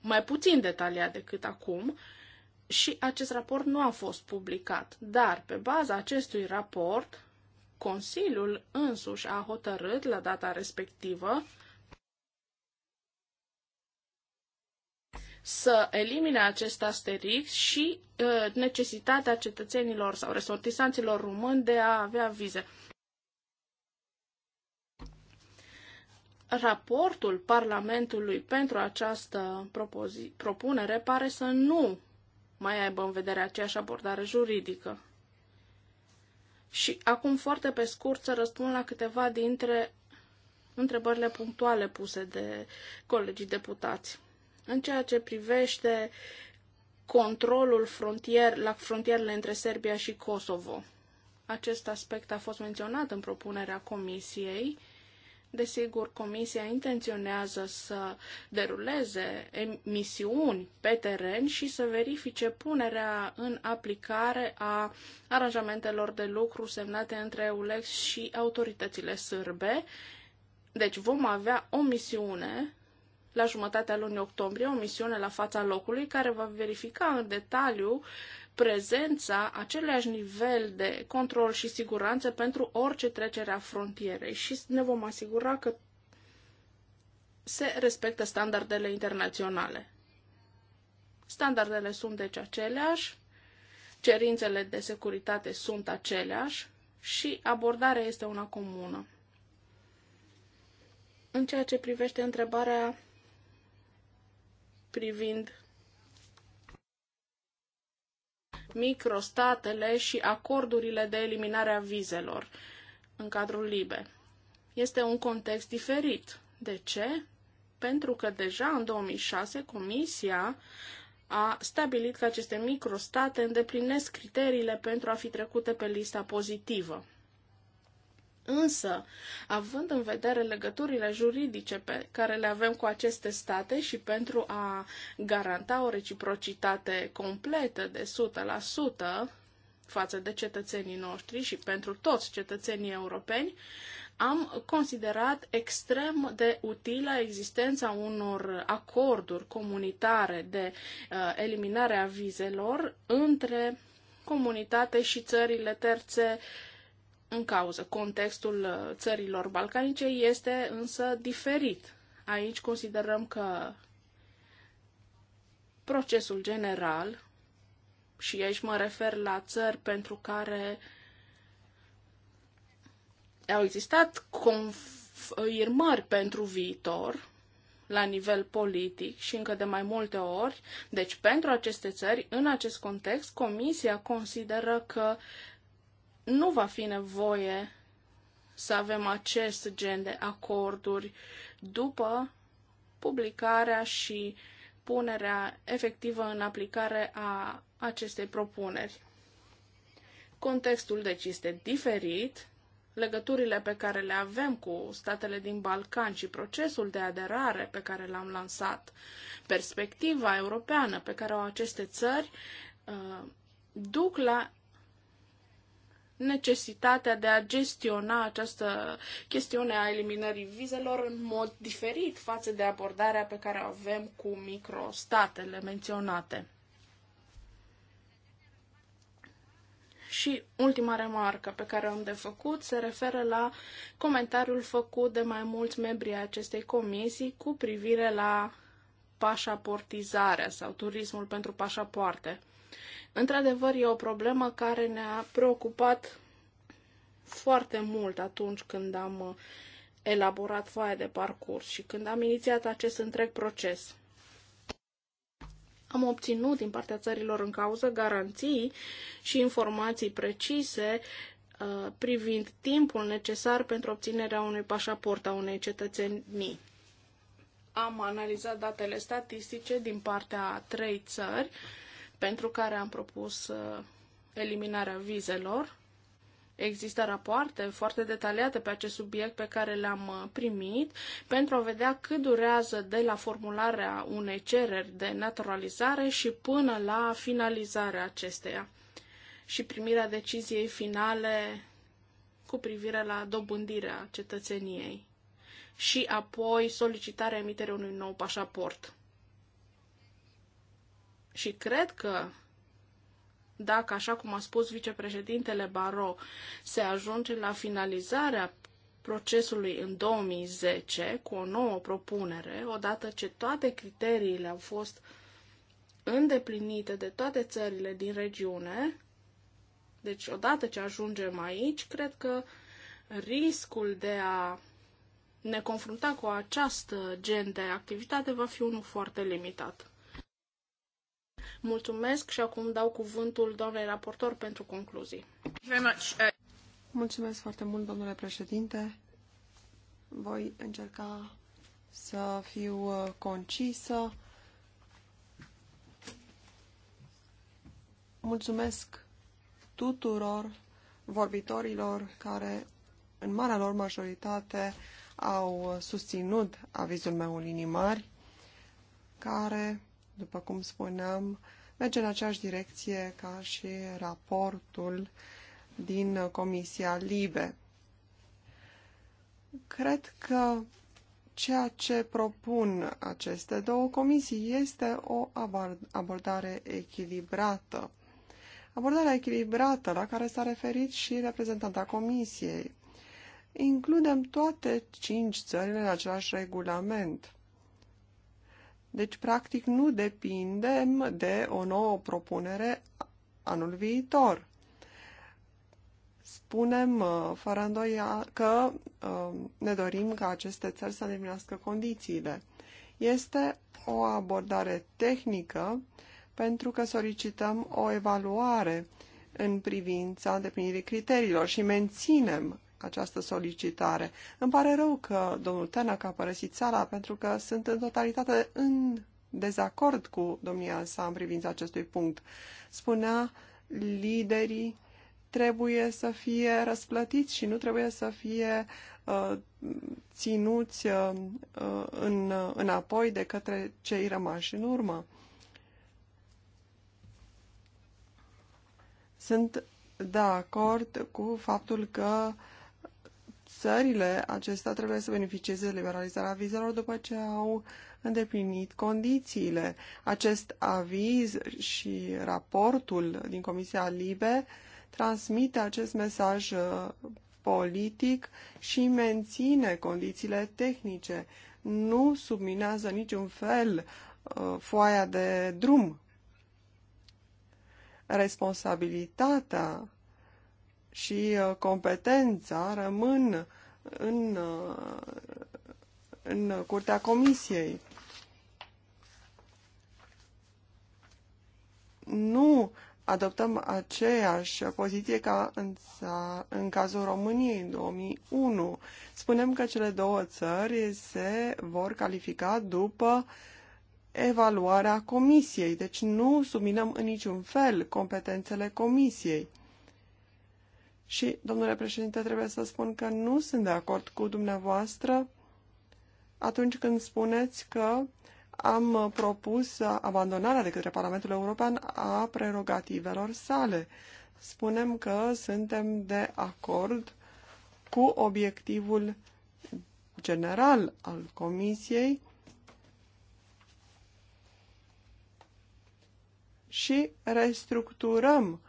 [SPEAKER 2] mai puțin detaliat decât acum și acest raport nu a fost publicat. Dar, pe baza acestui raport, Consiliul însuși a hotărât la data respectivă să elimine acest asterix și uh, necesitatea cetățenilor sau resortisanților români de a avea vize. Raportul Parlamentului pentru această propunere pare să nu mai aibă în vedere aceeași abordare juridică. Și acum foarte pe scurt să răspund la câteva dintre întrebările punctuale puse de colegii deputați. În ceea ce privește controlul frontier, la frontierele între Serbia și Kosovo. Acest aspect a fost menționat în propunerea Comisiei Desigur, Comisia intenționează să deruleze misiuni pe teren și să verifice punerea în aplicare a aranjamentelor de lucru semnate între EULEX și autoritățile sârbe. Deci vom avea o misiune la jumătatea lunii octombrie, o misiune la fața locului care va verifica în detaliu prezența același nivel de control și siguranță pentru orice trecere a frontierei și ne vom asigura că se respectă standardele internaționale. Standardele sunt deci aceleași, cerințele de securitate sunt aceleași și abordarea este una comună. În ceea ce privește întrebarea privind microstatele și acordurile de eliminare a vizelor în cadrul LIBE. Este un context diferit. De ce? Pentru că deja în 2006 Comisia a stabilit că aceste microstate îndeplinesc criteriile pentru a fi trecute pe lista pozitivă. Însă, având în vedere legăturile juridice pe care le avem cu aceste state și pentru a garanta o reciprocitate completă de 100% față de cetățenii noștri și pentru toți cetățenii europeni, am considerat extrem de utilă existența unor acorduri comunitare de uh, eliminare a vizelor între comunitate și țările terțe în cauză. Contextul uh, țărilor balcanice este însă diferit. Aici considerăm că procesul general, și aici mă refer la țări pentru care au existat confirmări pentru viitor la nivel politic și încă de mai multe ori. Deci, pentru aceste țări, în acest context, Comisia consideră că nu va fi nevoie să avem acest gen de acorduri după publicarea și punerea efectivă în aplicare a acestei propuneri. Contextul deci este diferit, legăturile pe care le avem cu statele din Balcan și procesul de aderare pe care l-am lansat, perspectiva europeană pe care o au aceste țări, uh, duc la necesitatea de a gestiona această chestiune a eliminării vizelor în mod diferit față de abordarea pe care o avem cu microstatele menționate. Și ultima remarcă pe care o am de făcut se referă la comentariul făcut de mai mulți membri ai acestei comisii cu privire la pașaportizarea sau turismul pentru pașapoarte. Într-adevăr, e o problemă care ne-a preocupat foarte mult atunci când am uh, elaborat foaia de parcurs și când am inițiat acest întreg proces. Am obținut din partea țărilor în cauză garanții și informații precise uh, privind timpul necesar pentru obținerea unui pașaport a unei cetățenii. Am analizat datele statistice din partea a trei țări, uh, pentru care am propus uh, eliminarea vizelor. Există rapoarte foarte detaliate pe acest subiect pe care le-am uh, primit pentru a vedea cât durează de la formularea unei cereri de naturalizare și până la finalizarea acesteia și primirea deciziei finale cu privire la dobândirea cetățeniei și apoi solicitarea emiterii unui nou pașaport. Și cred că dacă, așa cum a spus vicepreședintele Baro, se ajunge la finalizarea procesului în 2010 cu o nouă propunere, odată ce toate criteriile au fost îndeplinite de toate țările din regiune, deci odată ce ajungem aici, cred că riscul de a ne confrunta cu această gen de activitate va fi unul foarte limitat. Mulțumesc și acum dau cuvântul doamnei raportor pentru concluzii.
[SPEAKER 3] Mulțumesc foarte mult, domnule președinte. Voi încerca să fiu uh, concisă. Mulțumesc tuturor vorbitorilor care, în marea lor majoritate, au uh, susținut avizul meu în linii mari, care după cum spuneam, merge în aceeași direcție ca și raportul din Comisia Libe. Cred că ceea ce propun aceste două comisii este o abordare echilibrată. Abordarea echilibrată la care s-a referit și reprezentanta comisiei. Includem toate cinci țările în același regulament. Deci, practic, nu depindem de o nouă propunere anul viitor. Spunem, uh, fără îndoia, că uh, ne dorim ca aceste țări să îndeplinească condițiile. Este o abordare tehnică pentru că solicităm o evaluare în privința îndeplinirii criteriilor și menținem această solicitare. Îmi pare rău că domnul Tenac a părăsit țara pentru că sunt în totalitate în dezacord cu domnia sa în privința acestui punct. Spunea liderii trebuie să fie răsplătiți și nu trebuie să fie uh, ținuți uh, uh în, uh, înapoi de către cei rămași în urmă. Sunt de acord cu faptul că uh, țările acestea trebuie să beneficieze liberalizarea vizelor după ce au îndeplinit condițiile. Acest aviz și raportul din Comisia Libe transmite acest mesaj uh, politic și menține condițiile tehnice. Nu subminează niciun fel uh, foaia de drum. Responsabilitatea și uh, competența rămân în, uh, în curtea comisiei. Nu adoptăm aceeași poziție ca în, în cazul României în 2001. Spunem că cele două țări se vor califica după evaluarea comisiei, deci nu subminăm în niciun fel competențele comisiei. Și, domnule președinte, trebuie să spun că nu sunt de acord cu dumneavoastră atunci când spuneți că am propus abandonarea de către Parlamentul European a prerogativelor sale. Spunem că suntem de acord cu obiectivul general al Comisiei și restructurăm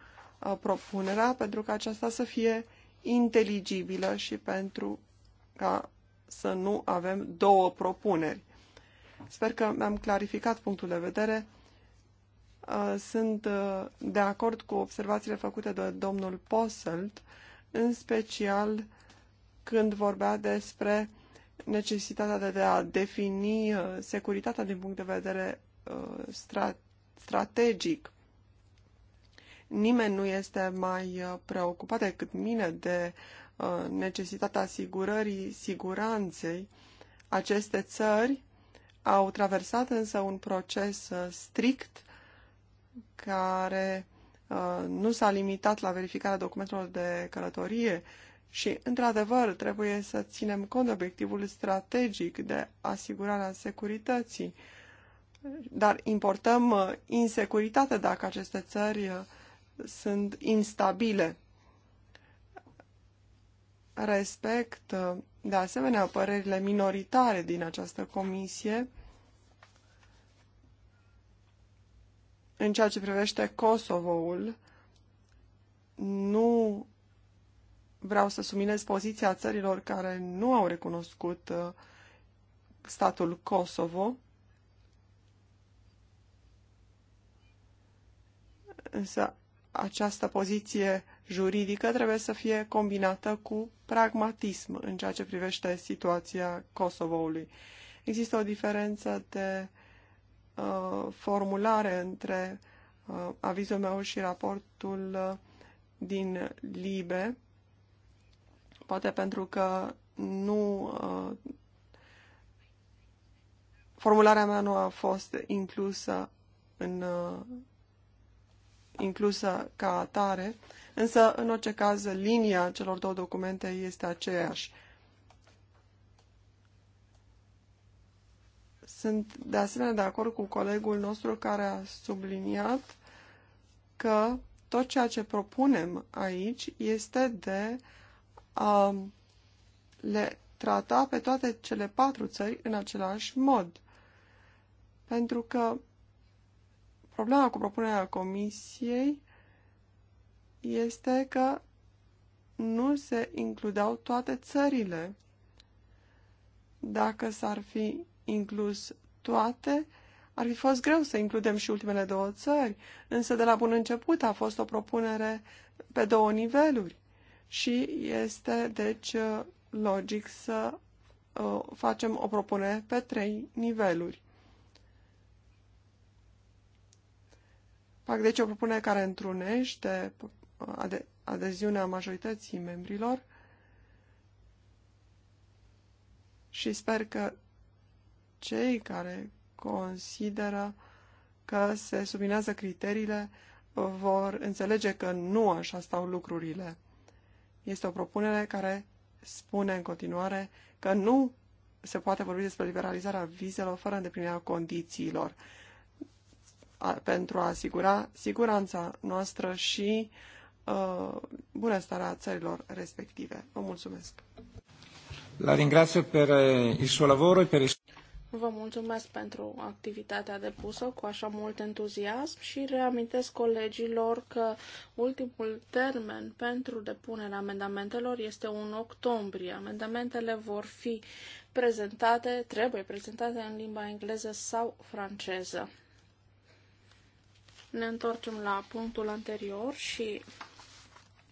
[SPEAKER 3] Uh, propunerea pentru ca aceasta să fie inteligibilă și pentru ca să nu avem două propuneri. Sper că mi-am clarificat punctul de vedere. Uh, sunt uh, de acord cu observațiile făcute de domnul Posselt, în special când vorbea despre necesitatea de a defini securitatea din punct de vedere strategic Nimeni nu este mai uh, preocupat decât mine de uh, necesitatea asigurării siguranței. Aceste țări au traversat însă un proces uh, strict care nu s-a limitat la verificarea documentelor de călătorie și, într-adevăr, trebuie să ținem cont de obiectivul strategic de asigurarea securității. Dar importăm insecuritate dacă aceste țări sunt instabile. Respect, de asemenea, părerile minoritare din această comisie în ceea ce privește Kosovoul. Nu vreau să suminez poziția țărilor care nu au recunoscut uh, statul Kosovo. Însă această poziție juridică trebuie să fie combinată cu pragmatism în ceea ce privește situația Kosovoului. Există o diferență de uh, formulare între uh, avizul meu și raportul uh, din LIBE, poate pentru că nu uh, formularea mea nu a fost inclusă în uh, inclusă ca atare, însă, în orice caz, linia celor două documente este aceeași. Sunt de asemenea de acord cu colegul nostru care a subliniat că tot ceea ce propunem aici este de a le trata pe toate cele patru țări în același mod. Pentru că Problema cu propunerea comisiei este că nu se includeau toate țările. Dacă s-ar fi inclus toate, ar fi fost greu să includem și ultimele două țări, însă de la bun început a fost o propunere pe două niveluri și este, deci, logic să uh, facem o propunere pe trei niveluri. Fac deci o propunere care întrunește uh, adeziunea majorității membrilor și sper că cei care consideră că se subminează criteriile vor înțelege că nu așa stau lucrurile. Este o propunere care spune în continuare că nu se poate vorbi despre liberalizarea vizelor fără îndeplinirea condițiilor pentru a asigura siguranța noastră și uh, bunăstarea țărilor respective. Vă mulțumesc!
[SPEAKER 1] La ringrazio per eh, il suo lavoro
[SPEAKER 2] e per il... Vă mulțumesc pentru activitatea depusă cu așa mult entuziasm și reamintesc colegilor că ultimul termen pentru depunerea amendamentelor este 1 octombrie. Amendamentele vor fi prezentate, trebuie prezentate în limba engleză sau franceză. Ne întoarcem la punctul anterior și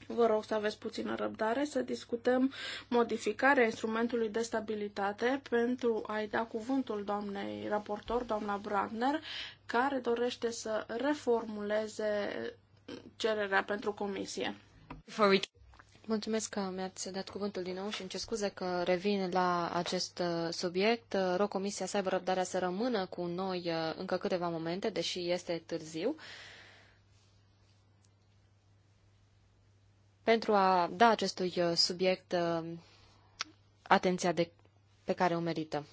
[SPEAKER 2] vă rog să aveți puțină răbdare, să discutăm modificarea instrumentului de stabilitate pentru a-i da cuvântul doamnei raportor, doamna Brandner, care dorește să reformuleze cererea pentru comisie.
[SPEAKER 1] Mulțumesc că mi-ați dat cuvântul din nou și îmi cer scuze că revin la acest uh, subiect. Uh, rog Comisia să aibă răbdarea să rămână cu noi uh, încă câteva momente, deși este târziu, pentru a da acestui subiect atenția de, pe care o merită.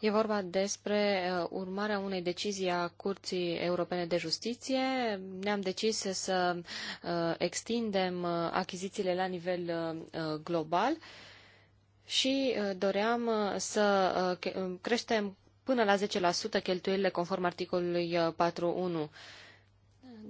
[SPEAKER 1] E vorba despre uh, urmarea unei decizii a Curții Europene de Justiție. Ne-am decis să uh, extindem uh, achizițiile la nivel global și doream să creștem până la 10% cheltuielile conform articolului 4.1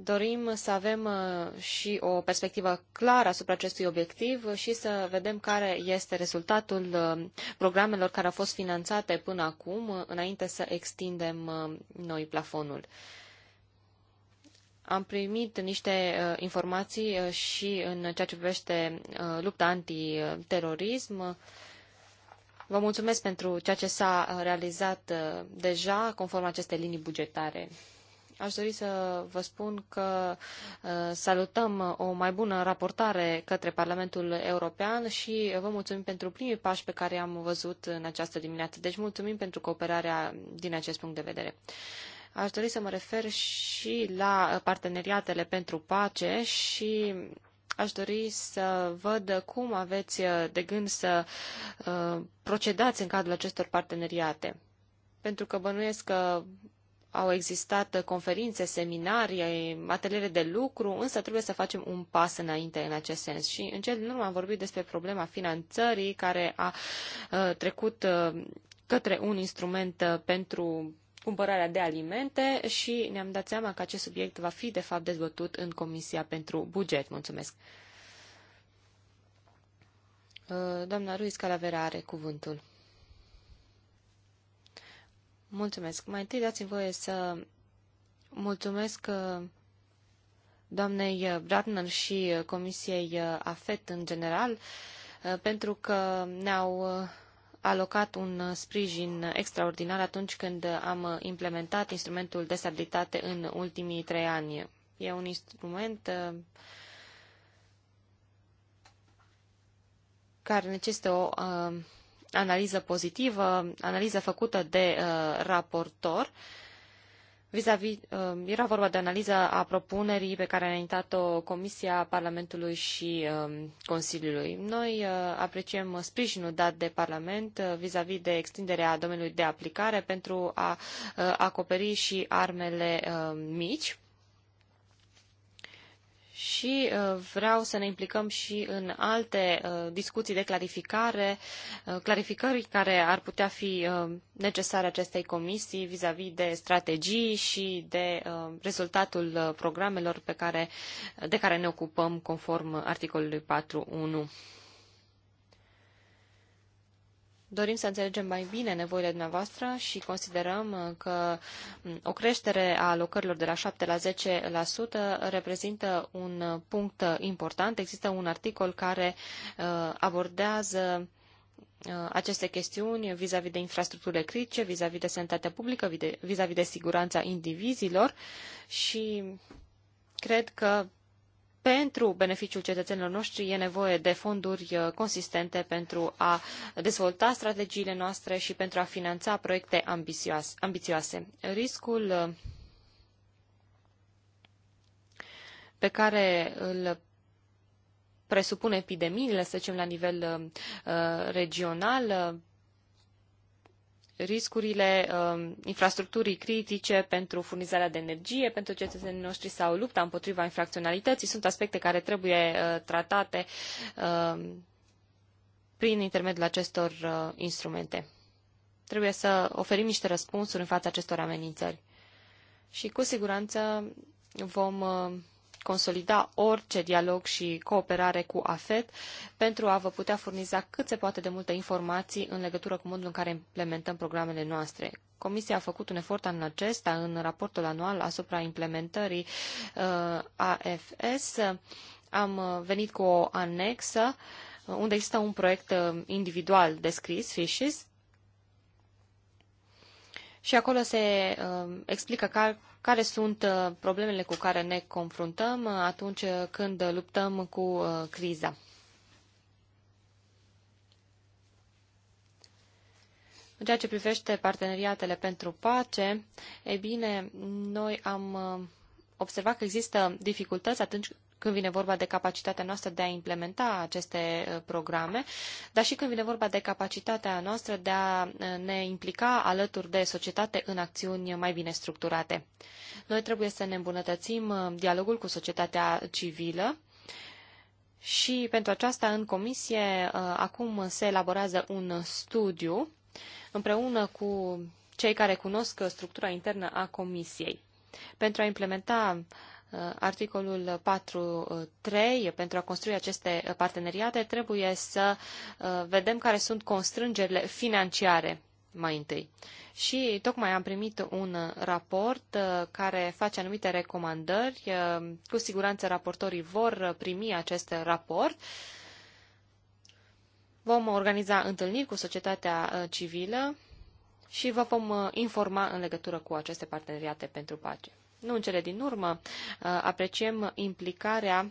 [SPEAKER 1] dorim să avem uh, și o perspectivă clară asupra acestui obiectiv și să vedem care este rezultatul uh, programelor care au fost finanțate până acum, uh, înainte să extindem noi plafonul. Am primit niște informații și în ceea ce privește lupta antiterorism. Vă mulțumesc pentru ceea ce s-a realizat deja conform acestei linii bugetare. Aș dori să vă spun că uh, salutăm uh, o mai bună raportare către Parlamentul European și vă mulțumim pentru primii pași pe care am văzut în această dimineață. Deci mulțumim pentru cooperarea din acest punct de vedere. Aș dori să mă refer și la parteneriatele pentru pace și aș dori să văd cum aveți uh, de gând să procedați în cadrul acestor parteneriate. Pentru că bănuiesc că au existat conferințe, seminarii, ateliere de lucru, însă trebuie să facem un pas înainte în acest sens. Și în cel din urmă am vorbit despre problema finanțării care a uh, trecut uh, către un instrument uh, pentru cumpărarea de alimente și ne-am dat seama că acest subiect va fi, de fapt, dezbătut în Comisia pentru Buget. Mulțumesc! Doamna Ruiz Calavera are cuvântul. Mulțumesc. Mai întâi dați-mi voie să mulțumesc uh, doamnei uh, Bratner și uh, Comisiei AFET în general, pentru că ne-au alocat un sprijin extraordinar atunci când am implementat instrumentul de stabilitate în ultimii trei ani. E un instrument care necesită o analiză pozitivă, analiză făcută de uh, raportor. Vis-a-vis, uh, era vorba de analiza a propunerii pe care a înaintat-o Comisia Parlamentului și uh, Consiliului. Noi uh, apreciem sprijinul dat de Parlament uh, vis-a-vis de extinderea domeniului de aplicare pentru a uh, acoperi și armele uh, mici și uh, vreau să ne implicăm și în alte uh, discuții de clarificare, uh, clarificări care ar putea fi necesare acestei comisii vis-a-vis -vis de strategii și de rezultatul programelor pe care, de care ne ocupăm conform articolului 4.1. Dorim să înțelegem mai bine nevoile dumneavoastră și considerăm uh, că mm, o creștere a alocărilor de la 7 la 10% reprezintă un uh, punct uh, important. Există un articol care abordează aceste chestiuni vis-a-vis -vis de infrastructurile critice, vis-a-vis -vis de sănătatea publică, vis-a-vis -vis de siguranța indivizilor și cred că pentru beneficiul cetățenilor noștri e nevoie de fonduri uh, consistente pentru a dezvolta strategiile noastre și pentru a finanța proiecte ambițioase. Riscul uh, pe care îl presupun epidemiile, să zicem, la nivel uh, regional, riscurile uh, infrastructurii critice pentru furnizarea de energie pentru cetățenii noștri sau lupta împotriva infracționalității sunt aspecte care trebuie uh, tratate uh, prin intermediul acestor uh, instrumente. Trebuie să oferim niște răspunsuri în fața acestor amenințări. Și cu siguranță vom uh, consolida orice dialog și cooperare cu AFET pentru a vă putea furniza cât se poate de multe informații în legătură cu modul în care implementăm programele noastre. Comisia a făcut un efort în acesta în raportul anual asupra implementării uh, AFS. Am venit cu o anexă unde există un proiect uh, individual descris, Fishes, și acolo se uh, explică ca, care sunt uh, problemele cu care ne confruntăm uh, atunci când luptăm cu uh, criza. În ceea ce privește parteneriatele pentru pace, e bine, noi am uh, observat că există dificultăți atunci când vine vorba de capacitatea noastră de a implementa aceste uh, programe, dar și când vine vorba de capacitatea noastră de a uh, ne implica alături de societate în acțiuni mai bine structurate. Noi trebuie să ne îmbunătățim uh, dialogul cu societatea civilă, și pentru aceasta în comisie acum se elaborează un studiu împreună cu cei care cunosc structura internă a comisiei pentru a implementa articolul 4.3 pentru a construi aceste parteneriate, trebuie să uh, vedem care sunt constrângerile financiare mai întâi. Și tocmai am primit un raport uh, care face anumite recomandări. Uh, cu siguranță raportorii vor primi acest raport. Vom organiza întâlniri cu societatea civilă și vă vom informa în legătură cu aceste parteneriate pentru pace. Nu în cele din urmă, uh, apreciem implicarea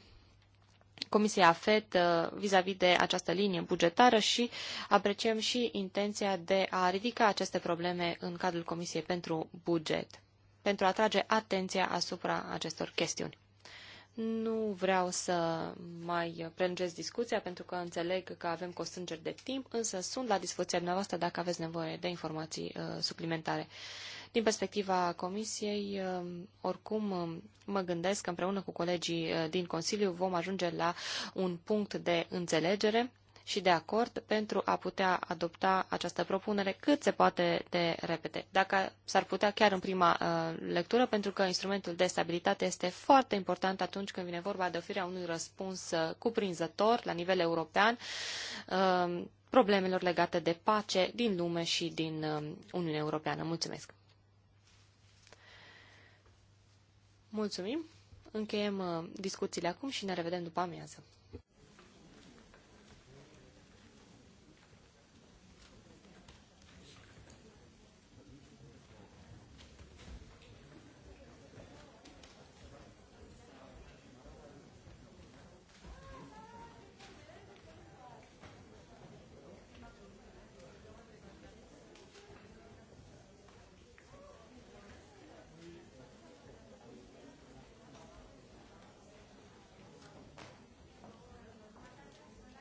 [SPEAKER 1] Comisia AFET uh, vis-a-vis de această linie bugetară și apreciem și intenția de a ridica aceste probleme în cadrul Comisiei pentru Buget, pentru a atrage atenția asupra acestor chestiuni. Nu vreau să mai prelungesc discuția pentru că înțeleg că avem constrângeri de timp, însă sunt la dispoziția dumneavoastră dacă aveți nevoie de informații uh, suplimentare. Din perspectiva Comisiei, um, oricum um, mă gândesc că împreună cu colegii uh, din Consiliu vom ajunge la un punct de înțelegere și de acord pentru a putea adopta această propunere cât se poate de repede. Dacă s-ar putea chiar în prima uh, lectură, pentru că instrumentul de stabilitate este foarte important atunci când vine vorba de oferirea unui răspuns uh, cuprinzător la nivel european problemelor legate de pace din lume și din Uniunea Europeană. Mulțumesc! Mulțumim! Încheiem uh, discuțiile acum și ne revedem după amiază.